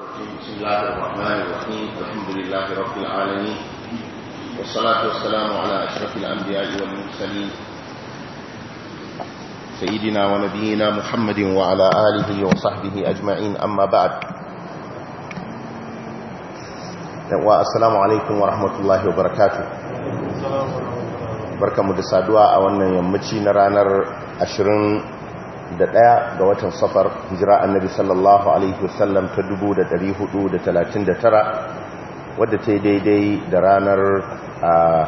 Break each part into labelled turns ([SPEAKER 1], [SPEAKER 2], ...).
[SPEAKER 1] بسم الله الرحمن الرحيم الحمد لله رب العالمين والصلاة والسلام على أشرف الأنبياء والمرسلين سيدنا ونبينا محمد وعلى آله وصحبه أجمعين أما بعد والسلام عليكم ورحمة الله وبركاته بركة مدسادوا أولا يمتشي نرانر أشرين da ɗaya ga watan safar hijira annabi sallallahu alaihi wasallam ta tara. wadda ta yi daidai da ranar 11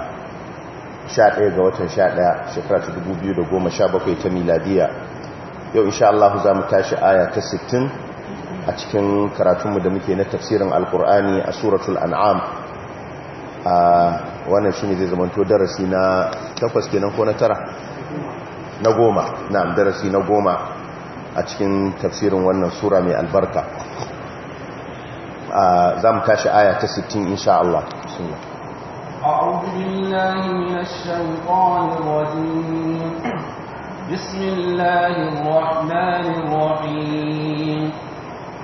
[SPEAKER 1] ga watan 11 shekara ta 2017 ta miladiya yau insha Allah za mu tashi aya ta 60 a cikin karatunmu da muke na tafsirin alkur'ani a suratul an'am wannan
[SPEAKER 2] shi ne zai zamanto darasi na takwas kenan ko na tara na goma na darasi na goma a cikin tafsirin wannan sura mai albarka za mu tashi aya ta 60 insha Allah
[SPEAKER 3] أعوذ بالله من الشيطان الرجيم بسم الله الرحمن الرحيم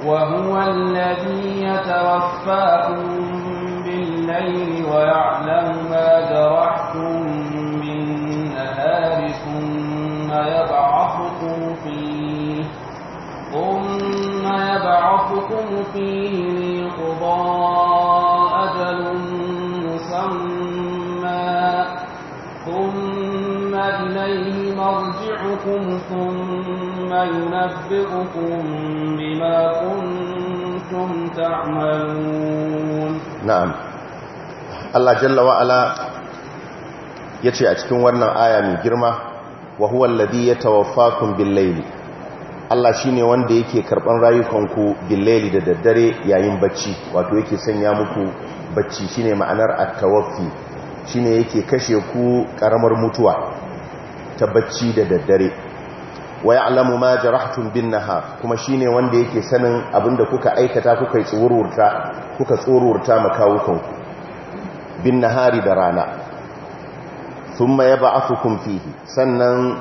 [SPEAKER 3] وهو الذي يتوفاكم بالليل ويعلم ما جرحتم ثم يبعثكم فيه ثم يبعثكم فيه ليقضى أجل مسمى ثم إليه مرجعكم ثم ينبئكم بما كنتم تعملون
[SPEAKER 2] نعم الله جل وعلا ya ce a cikin wannan aya mai girma wa huwa alladhi yatawaffakum bil-layli Allah shine wanda yake karban rayukanku bil-layli da daddare yayin bacci wato yake sanya muku bacci shine ma'anar at-tawaffi shine yake kashe ku karamar mutuwa ta bacci da daddare wa ya'lamu ma jarahtum bin naha kuma shine wanda yake sanin abinda kuka aikata kuka tsururta kuka tsururta makawukanku bin-nahari da rana thumma yab'athukum fihi sannan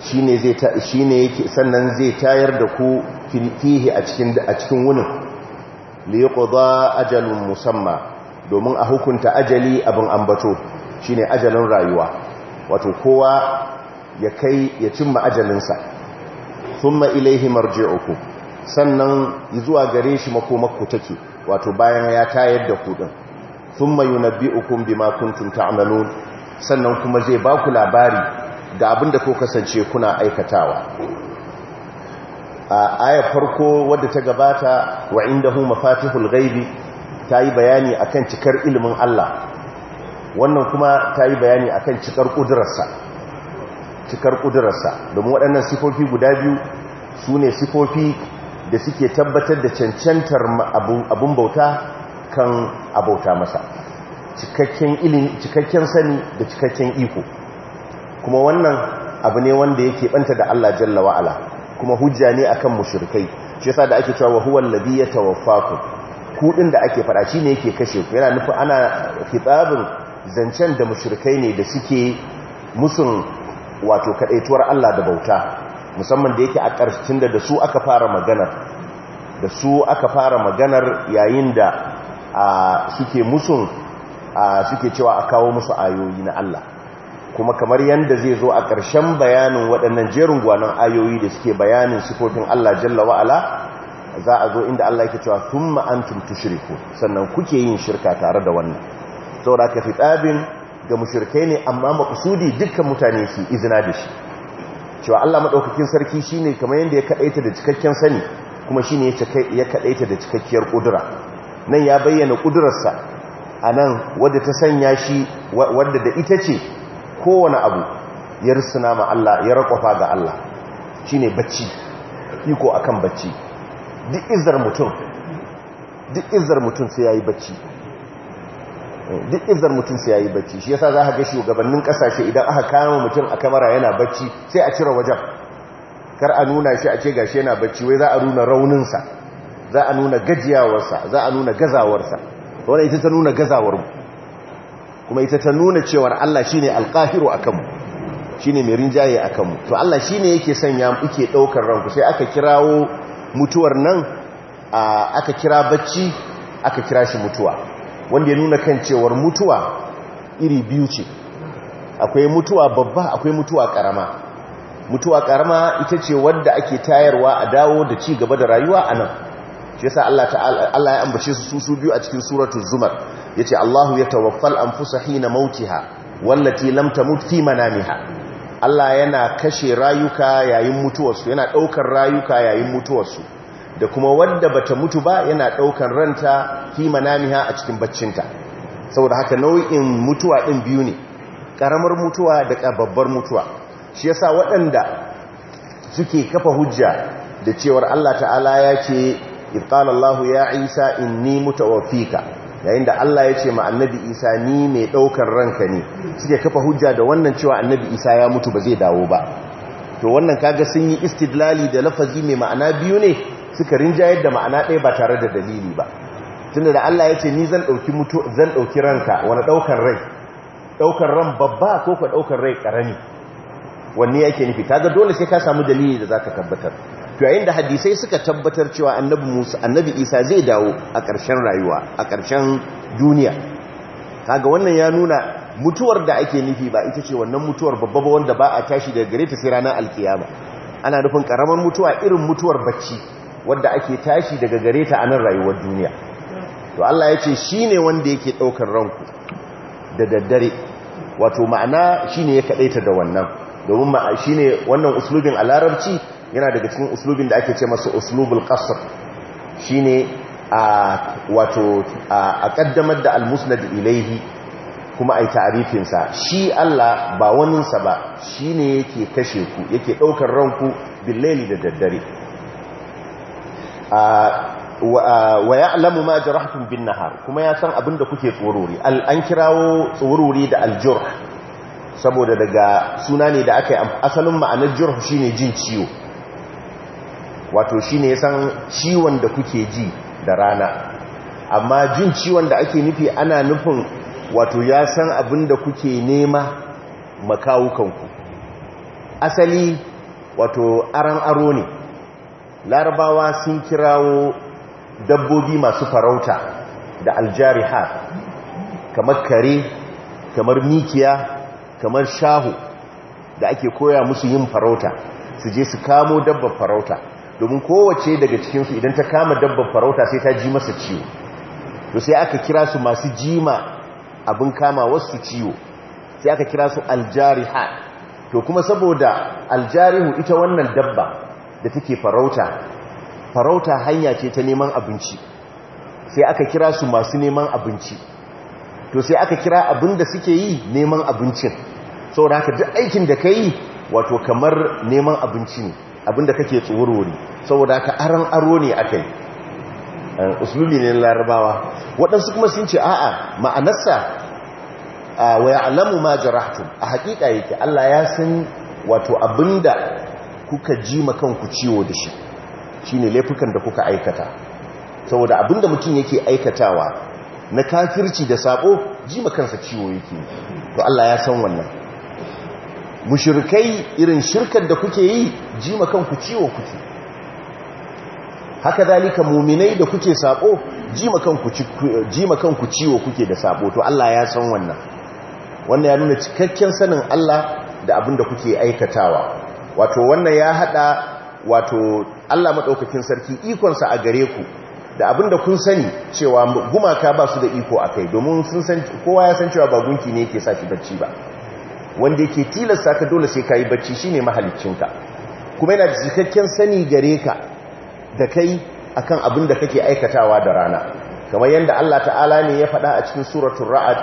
[SPEAKER 2] shine zai sannan zai tayar da ku fihi a cikin a cikin wunin liqda ajalin musamma domin a hukunta ajali abin ambato shine ajalin rayuwa wato kowa ya kai ya cimma ajalinsa thumma ilaihi uku. sannan zuwa gare shi makomakku take wato bayan ya tayar da ku din thumma yunabbi'ukum bima kuntum ta'malun sannan kuma zai ba ku labari da abin da ko kasance kuna aikatawa a ayar farko wadda ta gabata wa inda hu mafatihul gaibi ta yi bayani a kan cikar ilimin Allah wannan kuma ta yi bayani a kan cikar ƙudurarsa cikar ƙudurarsa domin waɗannan sifofi guda biyu su ne sifofi da suke tabbatar da cancantar abun bauta kan abauta masa cikakken ilimi cikakken sani da cikakken iko kuma wannan abu ne wanda yake banta da Allah jalla wa ala kuma hujja ne akan mushrikai shi yasa da ake cewa wa huwal ladhi yatawaffaku ku din da ake fada shine yake kashe ku yana nufin ana kitabun zancen da mushrikai ne da suke musun wato kadaituwar Allah da bauta musamman da yake a ƙarshen da da su aka fara maganar da su aka fara maganar yayin da suke musun suke cewa a kawo musu ayoyi na Allah kuma kamar yadda zai zo a ƙarshen bayanin waɗannan jerin gwanon ayoyi da suke bayanin sifofin Allah jalla wa'ala za a zo inda Allah yake cewa thumma antum tushriku sannan kuke yin shirka tare da wannan saboda ka fitabin ga mushrikai ne amma makusudi dukkan mutane su izina da shi cewa Allah madaukakin sarki shine kamar yadda ya kadaita da cikakken sani kuma shine ya ya kadaita da cikakkiyar ƙudura, nan ya bayyana kudurarsa a nan wadda ta sanya shi wadda da ita ce kowane abu ya risina ma Allah ya rakwafa ga Allah shi ne bacci iko akan bacci duk izar mutum duk izar mutum sai ya yi bacci duk izar mutum sai ya yi bacci shi yasa za a ga shugabannin kasashe idan aka kama mutum a kamara yana bacci sai a cire wajen kar a nuna shi a ce gashi yana bacci wai za a nuna rauninsa za a nuna gajiyawarsa za a nuna gazawarsa wadda ita ta nuna gazawarmu kuma ita ta nuna cewar Allah shi ne alƙahiru a kanmu shi ne mai rinjaye a kanmu to Allah shi ne yake sanya muke ɗaukar ranku sai aka kirawo mutuwar nan aka kira bacci aka kira shi mutuwa wanda ya nuna kan cewar mutuwa iri biyu ce akwai mutuwa babba akwai mutuwa ƙarama mutuwa ƙarama ita ce wadda ake tayarwa a dawo da ci gaba da rayuwa a nan shi yasa Allah ta'ala Allah ya ambace su su biyu a cikin suratul zumar yace Allahu yatawaffal anfusa hina mautiha wallati lam tamut fi manamiha Allah yana kashe rayuka yayin mutuwarsu yana daukar rayuka yayin mutuwarsu da kuma wanda bata mutu ba yana daukar ranta fi manamiha a cikin baccinta saboda haka nau'in mutuwa din biyu ne karamar mutuwa da babbar mutuwa shi yasa waɗanda suke kafa hujja da cewar Allah ta'ala ya ce ibtala Allah ya Isa inni mutawaffika yayin da Allah ya ce ma annabi Isa ni mai daukar ranka ne suke kafa hujja da wannan cewa annabi Isa ya mutu ba zai dawo ba to wannan kaga sun yi istidlali da lafazi mai ma'ana biyu ne suka rinjayar da ma'ana ɗaya ba tare da dalili ba tunda da Allah ya ce ni zan dauki mutu zan dauki ranka wani daukar rai daukar ran babba ko ka daukar rai karami wanne yake nufi kaga dole sai ka samu dalili da zaka tabbatar yayin da hadisai suka tabbatar cewa annabi Musa annabi Isa zai dawo a ƙarshen rayuwa a ƙarshen duniya kaga wannan ya nuna mutuwar da ake nufi ba ita ce wannan mutuwar babba ba wanda ba a tashi daga gare ta sai ranar alkiyama ana nufin karamar mutuwa irin mutuwar bacci wadda ake tashi daga gare ta a nan rayuwar duniya to Allah ya ce shine wanda yake daukar ranku da daddare wato ma'ana shine ya kadaita da wannan domin ma shine wannan uslubin a larabci yana daga cikin uslubin da ake ce masa uslubul qasr shine a wato a kaddamar da al-musnad ilayhi kuma ai ta'rifin sa shi Allah ba wanin sa ba ne yake kashe ku yake daukar ranku billahi da daddare Wa wa ya'lamu ma jarahtum bin nahar kuma ya san abin da kuke tsorori an kirawo tsorori da al saboda daga suna ne da aka yi asalin ma'anar shi shine jin ciwo wato shi ne san ciwon da kuke ji da rana amma jin ciwon da ake nufi ana nufin wato ya san abin da kuke nema makawukanku asali wato aran aro ne larabawa sun kirawo dabbobi masu farauta da aljariha kamar kare kamar mikiya kamar shahu da ake koya musu yin farauta su je su kamo dabbar farauta domin kowace daga cikinsu idan ta kama dabban farauta sai ta ji masa ciwo to sai aka kira su masu jima abin kama wasu ciwo sai aka kira su aljariha to kuma saboda aljarihu ita wannan dabba da take farauta farauta hanya ce ta neman abinci sai aka kira su masu neman abinci to sai aka kira abin da suke yi neman abincin saboda haka duk aikin da ka yi wato kamar neman abinci ne abinda kake tsoro ne saboda ka aran aro ne akai eh, usulubi ne larabawa waɗansu kuma sun ce a'a ma'anarsa wa alamu ma jarahtu a hakika yake Allah ya san wato abinda kuka ji kanku ciwo da shi shine laifukan da kuka aikata saboda abinda mutum yake aikatawa na kafirci da sabo ji kansa ciwo yake to Allah ya san wannan mushirkai irin shirkar da kuke yi jima ku ciwo kuke haka zalika muminai da kuke sabo jima ku ciwo kuke da sabo to Allah ya san wannan wannan ya nuna cikakken sanin Allah da abin da kuke aikatawa wato wannan ya hada wato Allah madaukakin sarki ikonsa a gare ku da abin da kun sani cewa gumaka ba su da iko a kai, domin sun san kowa ya san cewa ba gunki ne yake sa shi bacci ba wanda yake tilasta ka dole sai kayi bacci shine mahaliccinka kuma yana da cikakken sani gare ka da kai akan abin da kake aikatawa da rana kamar yadda Allah ta'ala ne ya faɗa a cikin suratul ra'ad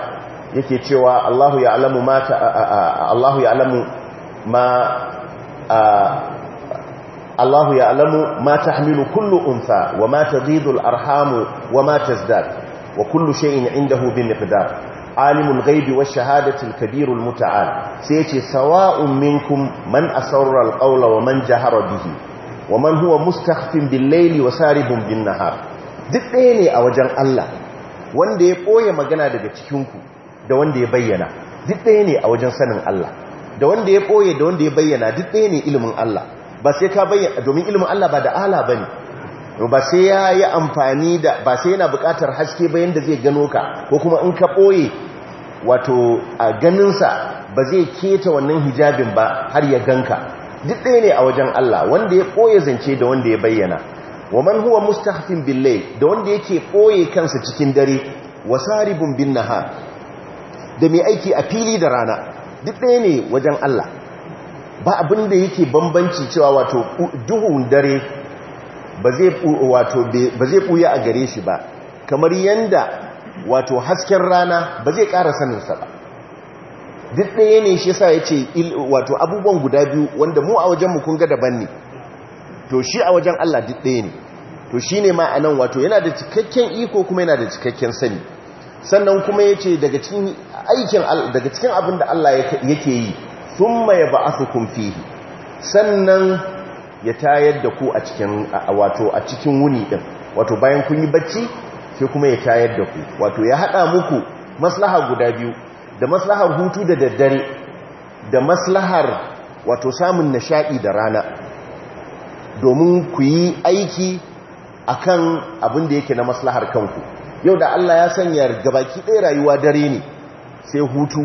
[SPEAKER 2] yake cewa Allahu ya'lamu ma Allahu ya'lamu ma Allahu ya'lamu ma tahmilu kullu untha wa ma taghidu al-arhamu wa ma tazdad wa kullu shay'in 'indahu bi miqdar alimul ghaibi wash shahadatul kabirul muta'al sai yace sawa'un minkum man asarra alqawla wa man jahara bihi wa man huwa mustakhfin bil layli wa saribun bin nahar duk ɗaya ne a wajen Allah wanda ya koye magana daga cikin ku da wanda ya bayyana duk ɗaya ne a wajen sanin Allah da wanda ya koye da wanda ya bayyana duk ɗaya ne ilimin Allah ba sai ka bayyana domin ilimin Allah ba da ala bane ba sai ya yi amfani da ba sai yana bukatar haske bayan da zai gano ka ko kuma in ka ɓoye wato a ganinsa ba zai keta wannan hijabin ba har ya ganka duk ɗaya ne a wajen Allah wanda ya ɓoye zance da wanda ya bayyana wa man huwa mustahfin billahi da wanda yake ɓoye kansa cikin dare wa saribun bin nahar da mai aiki a fili da rana duk ɗaya ne wajen Allah ba abin da yake bambanci cewa wato duhun dare ba zai ɓuya a gare shi ba kamar yadda wato hasken rana ba zai ƙara saninsa ba duk ɗaya ne shi sa ya ce wato abubuwan guda biyu wanda mu a wajen kun ga daban ne to shi a wajen Allah duk ɗaya ne to shi ne ma'anan wato yana da cikakken iko kuma yana da cikakken sani sannan kuma ya ce daga cikin abin da Allah yake yi sun maye ba a fihi sannan ya tayar da ku a cikin wato a cikin wuni din wato bayan kun yi bacci sai kuma ya tayar da ku wato ya hada muku maslaha guda biyu da maslahar hutu da daddare da maslahar wato samun nishadi da rana domin ku yi aiki akan abin da yake na maslahar kanku yau da Allah ya sanya gabaki ɗaya rayuwa dare ne sai hutu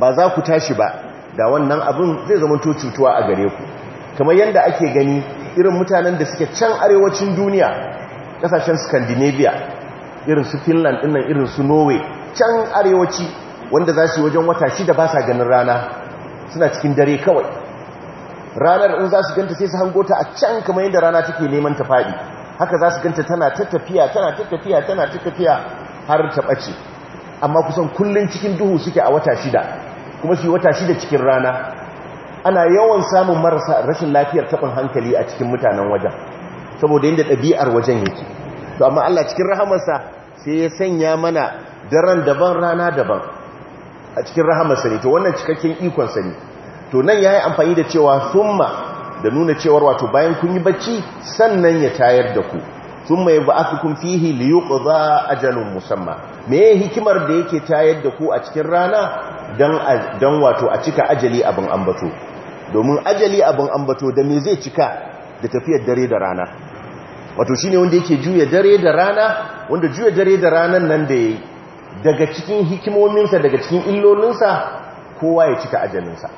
[SPEAKER 2] ba za ku tashi ba da wannan abin zai zama cutuwa a gare ku kamar yadda ake gani irin mutanen da suke can arewacin duniya kasashen scandinavia irin su finland dinnan irin su norway can arewaci wanda za su wajen wata shida ba sa ganin rana suna cikin dare kawai ranar in za su ganta sai su hango ta a can kamar yadda rana take neman ta faɗi haka za su ganta tana ta tafiya tana ta tafiya tana ta tafiya har ta ɓace amma kusan kullum cikin duhu suke a wata shida kuma su yi wata shida cikin rana ana yawan samun marasa rashin lafiyar taɓin hankali a cikin mutanen wajen saboda yadda ɗabi'ar wajen yake to amma Allah cikin rahamarsa sai ya sanya mana daren daban rana daban a cikin rahamarsa ne to wannan cikakken ikonsa ne to nan ya yi amfani da cewa summa da nuna cewar wato bayan kun yi bacci sannan ya tayar da ku summa ya ba'athukum fihi liyuqza ajalun musamma me hikimar da yake tayar da ku a cikin rana don wato a cika ajali abin ambato domin ajali abin ambato da me zai cika da tafiyar dare da rana wato shine wanda yake juya dare da rana wanda juya dare da ranan nan da yayi daga cikin hikimominsa daga cikin illolinsa kowa ya cika ajalinsa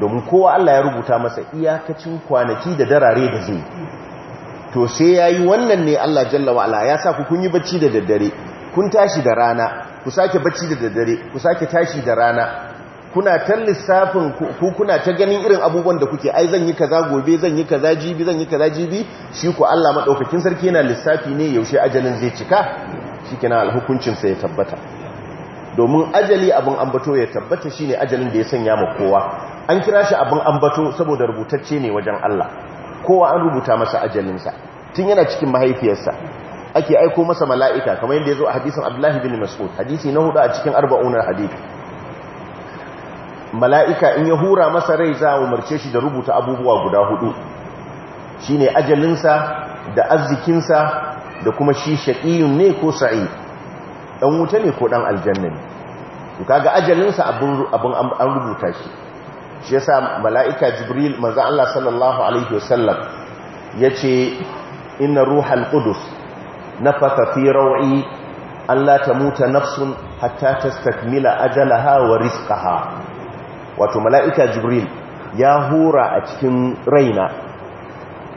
[SPEAKER 2] domin kowa Allah ya rubuta masa iyakacin kwanaki da darare da zai to sai yayi wannan ne Allah jalla wa'ala ya sa ku kun yi bacci da daddare kun tashi da rana ku sake bacci da daddare ku sake tashi da rana kuna ta lissafin ku kuna ta ganin irin abubuwan da kuke ai zan yi kaza gobe zan yi kaza jibi zan yi kaza jibi shi ku Allah madaukakin sarki yana lissafi ne yaushe ajalin zai cika shikenan alhukuncin sa ya tabbata domin ajali abin ambato ya tabbata shine ajalin da ya sanya ma kowa an kira shi abin ambato saboda rubutacce ne wajen Allah kowa an rubuta masa ajalin sa tun yana cikin mahaifiyarsa ake aiko masa mala'ika kamar yadda ya zo a hadisin Abdullahi bin Mas'ud hadisi na hudu a cikin arba'unar hadisi mala'ika in ya hura masa rai za a umarce shi da rubuta abubuwa guda hudu shi ne ajalinsa da arzikinsa da kuma shi shaƙiyun ne ko sa'i ɗan wuta ne ko ɗan aljanna ne kaga ajalinsa abin an rubuta shi shi yasa mala'ika jibril maza Allah sallallahu alaihi wasallam ya ce ina ruhal ƙudus na fatafi rawai Allah ta muta nafsun hatta ta stakmila ajalaha wa riskaha wato mala'ika jibril ya hura a cikin raina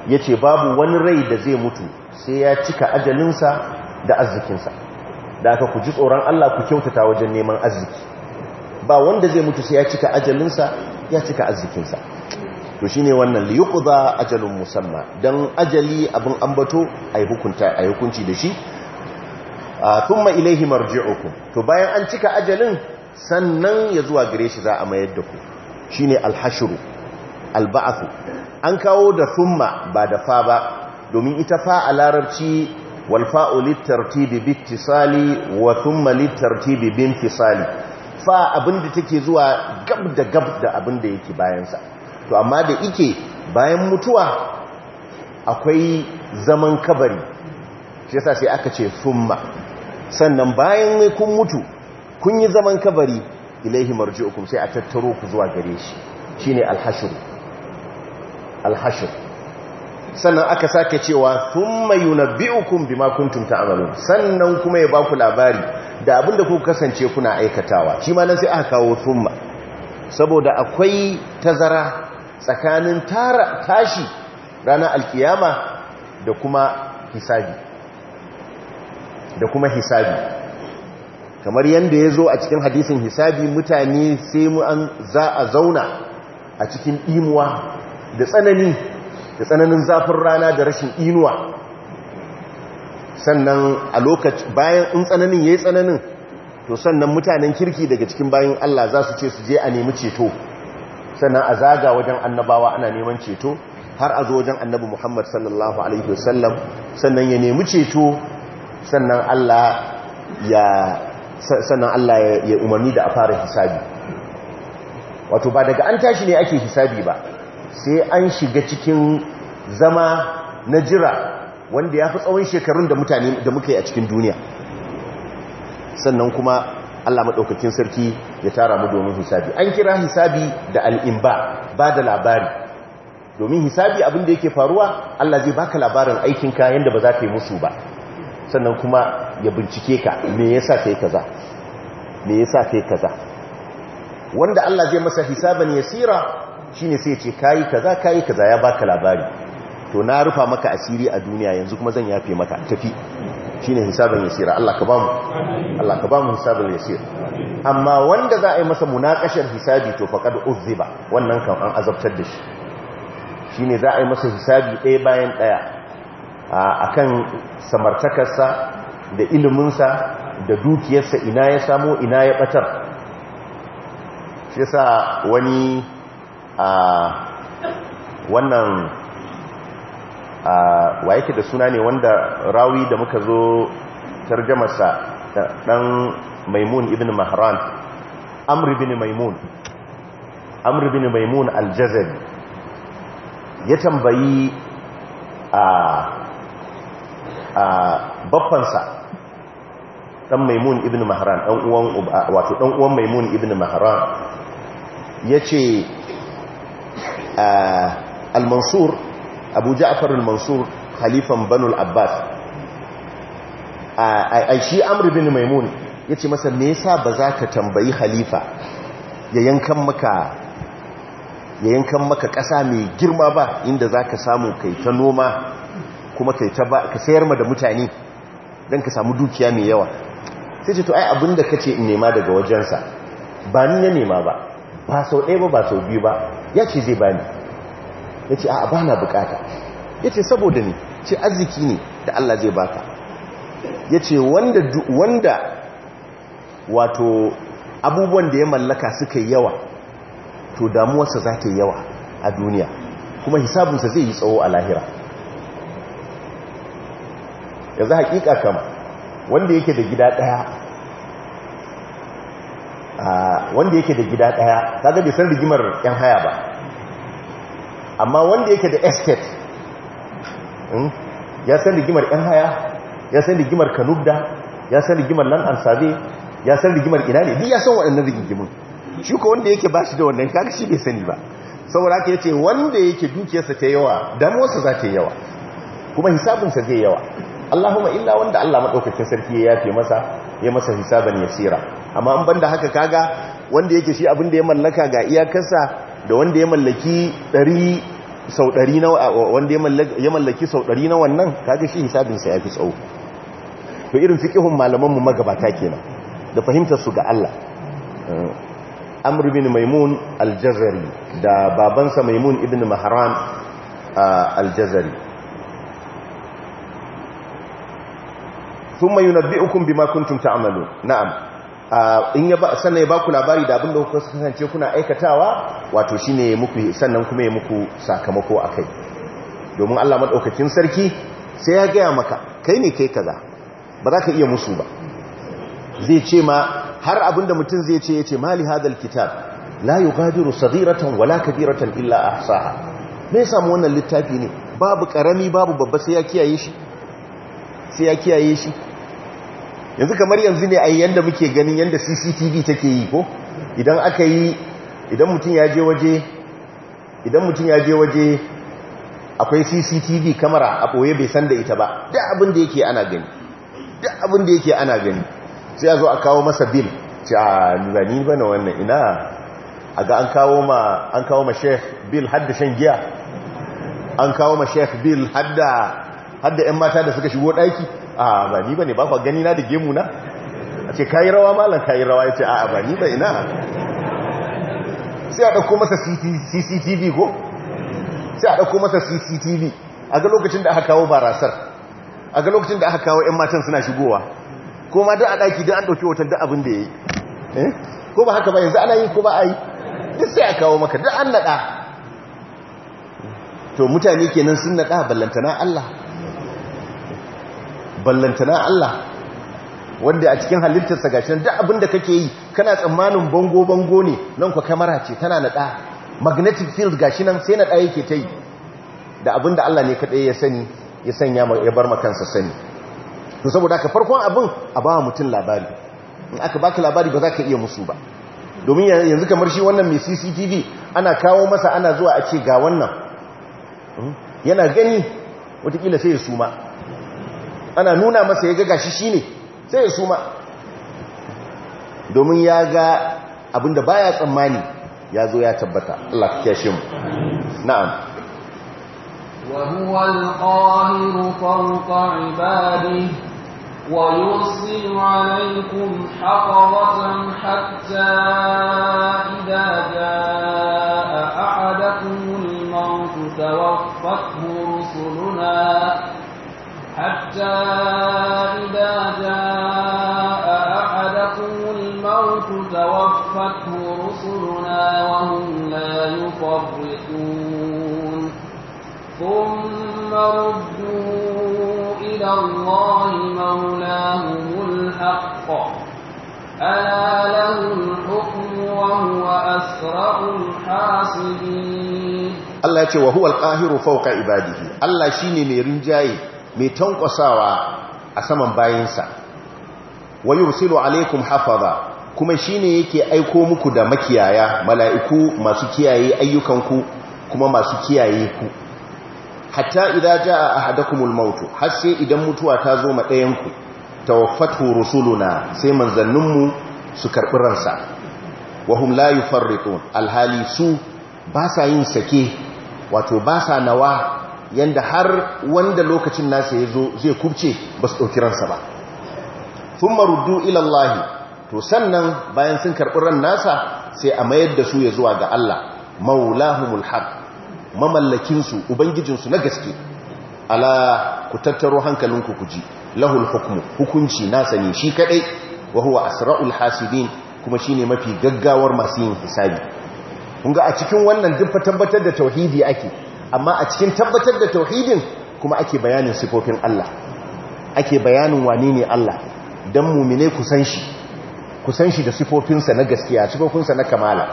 [SPEAKER 2] ya ce babu wani rai da zai mutu sai ya cika ajalinsa da arzikinsa da aka ku ji tsoron Allah ku kyautata wajen neman arziki ba wanda zai mutu sai ya cika ajalinsa ya cika arzikinsa to shi ne wannan li ajalin musamman don dan ajali abin ambato a hukunta hukunci da shi tun ma ilayhi marji'ukum to bayan an cika ajalin sannan ya zuwa gare shi za a mayar da ku Shi ne alhashru alba'asu an kawo da summa ba da fa ba domin ita fa a larabci wal fa'u litartibi bittisali wa summa litartibi binfisali fa abinda take zuwa gab da gab da abinda yake bayansa to amma da ike bayan mutuwa akwai zaman kabari shi yasa sai aka ce summa. sannan bayan kun mutu kun yi zaman kabari ilaihi marji'ukum sai a tattaro ku zuwa gare shi shine alhashr alhashir sannan aka sake cewa thumma bi makuntun ta amalin, sannan kuma ya ba ku labari da abinda kuku kasance kuna aikatawa shi ma nan sai aka kawo ma, saboda akwai tazara tsakanin tashi ranar alkiyama da da kuma hisabi kamar yadda ya zo a cikin hadisin hisabi mutane sai mu an za a zauna a cikin imuwa da tsanani da tsananin zafin rana da rashin inuwa sannan a lokaci bayan in tsananin ya yi tsananin to sannan mutanen kirki daga cikin bayan Allah za su ce su je a nemi ceto sannan a zaga wajen annabawa ana neman ceto har a zo wajen annabi Muhammad sallallahu alaihi wasallam sannan ya nemi ceto sannan Allah ya sannan Allah ya umarni da a fara hisabi wato ba daga an tashi ne ake hisabi ba sai an shiga cikin zama na jira wanda ya fi tsawon shekarun da mutane da muka yi a cikin duniya sannan kuma Allah maɗaukacin sarki ya tara mu domin hisabi an kira hisabi da al'imba ba da labari domin hisabi abin da yake faruwa Allah zai baka labarin aikinka yadda ba za ka yi musu ba sannan kuma ya bincike ka me yasa kai kaza me yasa kai kaza wanda Allah zai masa hisaban yasira shine sai ya ce kai kaza kai kaza ya baka labari to na rufa maka asiri a duniya yanzu kuma zan yafe maka tafi shine hisaban yasira Allah ka bamu Allah ka bamu hisaban yasira amma wanda za a yi masa munakashar hisabi to faqad uziba wannan kan an azabtar da shi shine za a yi masa hisabi ɗaya bayan ɗaya akan samartakarsa da iliminsa da dukiyarsa ina ya samo ina ya batar shi sa wani a wannan a wa yake da suna ne wanda rawi da muka zo tarjamarsa ɗan maimun ibn mahran amr ibn maimun amr ibn maimun al ya tambayi a babbansa dan maimun ibn mahran dan uwan wato dan uwan maimun ibn mahran yace al-mansur abu ja'far al-mansur khalifan banu abbas ai shi amr ibn maimun yace masa me yasa ba za ka tambayi khalifa ya yankan maka ya yankan maka ƙasa mai girma ba inda za ka samu kai ta noma kuma ka sayar ma da mutane don ka samu dukiya mai yawa sai ce to ai abin da ka ce in nema daga wajensa ba ni na nema ba ba sau ɗaya ba ba sau biyu ba ya ce zai ba ni. ya ce a ba na bukata ya ce saboda ne ce arziki ne da Allah zai baka ya ce wanda wato abubuwan da ya mallaka suka yi yawa to damuwarsa za ta yi yawa a duniya kuma hisabinsa zai yi tsawo a lahira yanzu hakika kam wanda yake da gida daya wanda yake da gida daya kaga bai san rigimar yan haya ba amma wanda yake da estate hmm, ya san rigimar yan haya ya san rigimar kanubda ya san rigimar lan ansabe ya san rigimar ina ne duk ya san waɗannan rigimun shi ko wanda yake ba shi da wannan kaga shi bai sani ba saboda ka yace wanda yake dukiyarsa ta yawa damuwarsa za ta yawa kuma hisabinsa zai yawa Allahumma illa wanda Allah madaukakin sarki ya yafe masa ya masa hisaban yasira amma an banda haka kaga wanda yake shi abin da ya mallaka ga iyakarsa da wanda ya mallaki 100 sau 100 na wanda ya mallaki sau 100 na wannan kaga shi hisabin sa yafi tsawo to irin fiqihun malaman mu magabata kenan da fahimtar su ga Allah Amr bin Maimun al-Jazari da babansa Maimun ibn Mahran ah, al-Jazari thumma yunabbi'ukum bima kuntum ta'malun na'am in ya ba sannan ya baku labari da abin da kuka kasance kuna aikatawa wato shine muku sannan kuma ya muku sakamako akai domin Allah madaukakin sarki sai ya gaya maka kai ne kai kaza ba za ka iya musu ba zai ce ma har abinda mutum zai ce yace mali hadal kitab la yughadiru saghiratan wala kabiratan illa ahsaha me ya samu wannan littafi ne babu karami babu babba sai ya kiyaye shi sai ya kiyaye shi yanzu kamar yanzu ne a yanda muke ganin yanda cctv take yi ko idan aka yi idan mutum ya je waje idan mutum ya je waje akwai cctv kamara a ɓoye bai san da ita ba duk abin da yake ana gani duk abin da yake ana gani sai a zo a kawo masa bil ce ah, a nuzani ba na wannan ina a ga an kawo ma an kawo ma sheikh bil hadda shan giya an kawo ma sheikh bil hadda har da 'yan mata da suka shigo ɗaki a ba ni ba ne ba kwa gani na da gemu na a ce kayi rawa malam kayi rawa ya ce a ba ni ba ina sai a ɗauko masa cctv ko sai a ɗauko masa cctv a ga lokacin da aka kawo barasar a ga lokacin da aka kawo 'yan matan suna shigowa ko ma da a ɗaki don an ɗauki watan da abin da ya yi eh? ko ba haka ba yanzu ana yi ko ba a yi duk sai a kawo maka duk an naɗa to mutane kenan sun naɗa ballantana Allah ballantana Allah wanda a cikin halittarsa gashi nan duk abin da kake yi kana tsammanin bango bango ne nan ku kamera ce tana nada magnetic field gashi nan sai nada yake ta yi da abin Allah ne kadai ya sani ya sanya ya bar makansa sani to saboda ka farkon abin a ba mutum labari in aka baka labari ba za ka iya musu ba domin yanzu kamar shi wannan mai CCTV ana kawo masa ana zuwa a ce ga wannan hmm? yana gani watakila sai ya suma ana nuna masa ya ga gashi shine sai ya suma domin ya ga abinda baya tsammani ya zo ya tabbata Allah ka kiyashe mu na'am
[SPEAKER 3] wa huwa al-qahiru fawqa 'ibadihi ويرسل عليكم حفظة حتى إذا جاء أحدكم الموت توفته رسلنا حتى إذا جاء أحدكم الموت توفته رسلنا وهم لا يفرقون ثم ردوا إلى الله مولاهم
[SPEAKER 2] الحق ألا
[SPEAKER 3] له الحكم وهو أسرع الحاسبين
[SPEAKER 2] الله يقول وهو القاهر فوق عباده الله شيني ميرنجاي mai tankwasawa a saman bayansa wani yursilu alaikum hafaza kuma shi ne yake aiko muku da makiyaya mala'iku masu kiyaye ayyukanku kuma masu kiyaye ku hatta ja a ahadakumul mautu har sai idan mutuwa ta zo ma ta ku rusulu na sai manzanninmu su karɓi ransa wahum layu yufarritun alhali su ba sa yin sake wato ba sa nawa yanda har wanda lokacin nasa ya zo zai kubce ba su ɗauki ransa ba sun maruddu ilallahi to sannan bayan sun karɓi ran nasa sai a mayar da su ya zuwa ga Allah maulahumul haq mamallakinsu ubangijinsu na gaske ala ku tattaro hankalinku ku ji lahul hukmu hukunci nasa ne shi kaɗai wa huwa asra'ul hasidin kuma shine mafi gaggawar masu yin hisabi kun ga a cikin wannan duk fa tabbatar da tauhidi ake amma a cikin tabbatar da tauhidin kuma ake bayanin sifofin Allah ake bayanin wani ne Allah don mumine kusan shi kusan shi da sifofinsa na gaskiya sifofinsa na kamala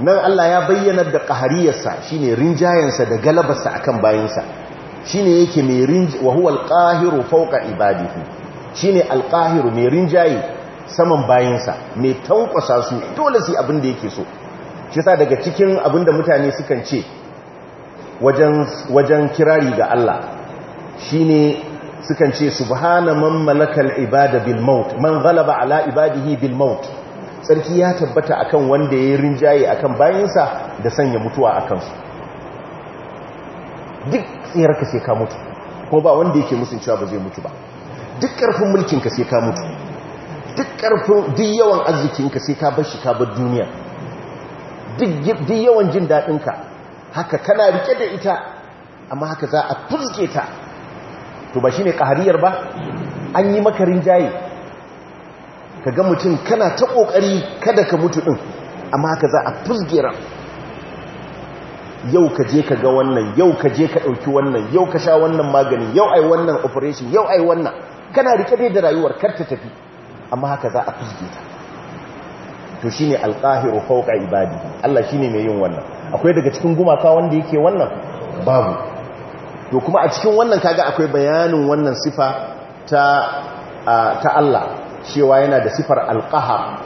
[SPEAKER 2] nan Allah ya bayyana da ƙahariyarsa shine rinjayensa da galabarsa akan bayansa shine yake mai rinji wa huwa alqahiru fawqa ibadihi shine alqahiru mai rinjaye saman bayansa mai tankwasa su dole su abin da yake so shi sa daga cikin abin da mutane sukan ce wajen kirari ga Allah shi ne sukan ce subhana man malakal ibada bil maut man galaba ala ibadihi bil maut sarki ya tabbata akan wanda ya yi rinjaye akan bayansa da sanya mutuwa akan su duk ka sai ka mutu ko ba wanda yake musun cewa ba zai mutu ba duk karfin mulkin ka sai ka mutu duk karfin duk yawan arzikin ka sai ka bar shi ka bar duniya duk yawan jin daɗinka haka kana rike da ita amma haka za a fuske ta to ba shi ne ƙahariyar ba an yi maka rinjaye ka ga mutum kana ta ƙoƙari kada ka mutu ɗin amma haka za a fuske ran yau ka je ka ga wannan yau ka je ka ɗauki wannan yau ka sha wannan magani yau ai wannan operation yau ai wannan kana rike dai da rayuwar kar ta tafi amma haka za a fuske ta to ne alqahiru fawqa ibadi Allah shine mai yin wannan akwai daga cikin gumaka wanda yake wannan babu to kuma a cikin wannan kaga akwai bayanin wannan sifa ta Allah cewa yana da sifar alqahar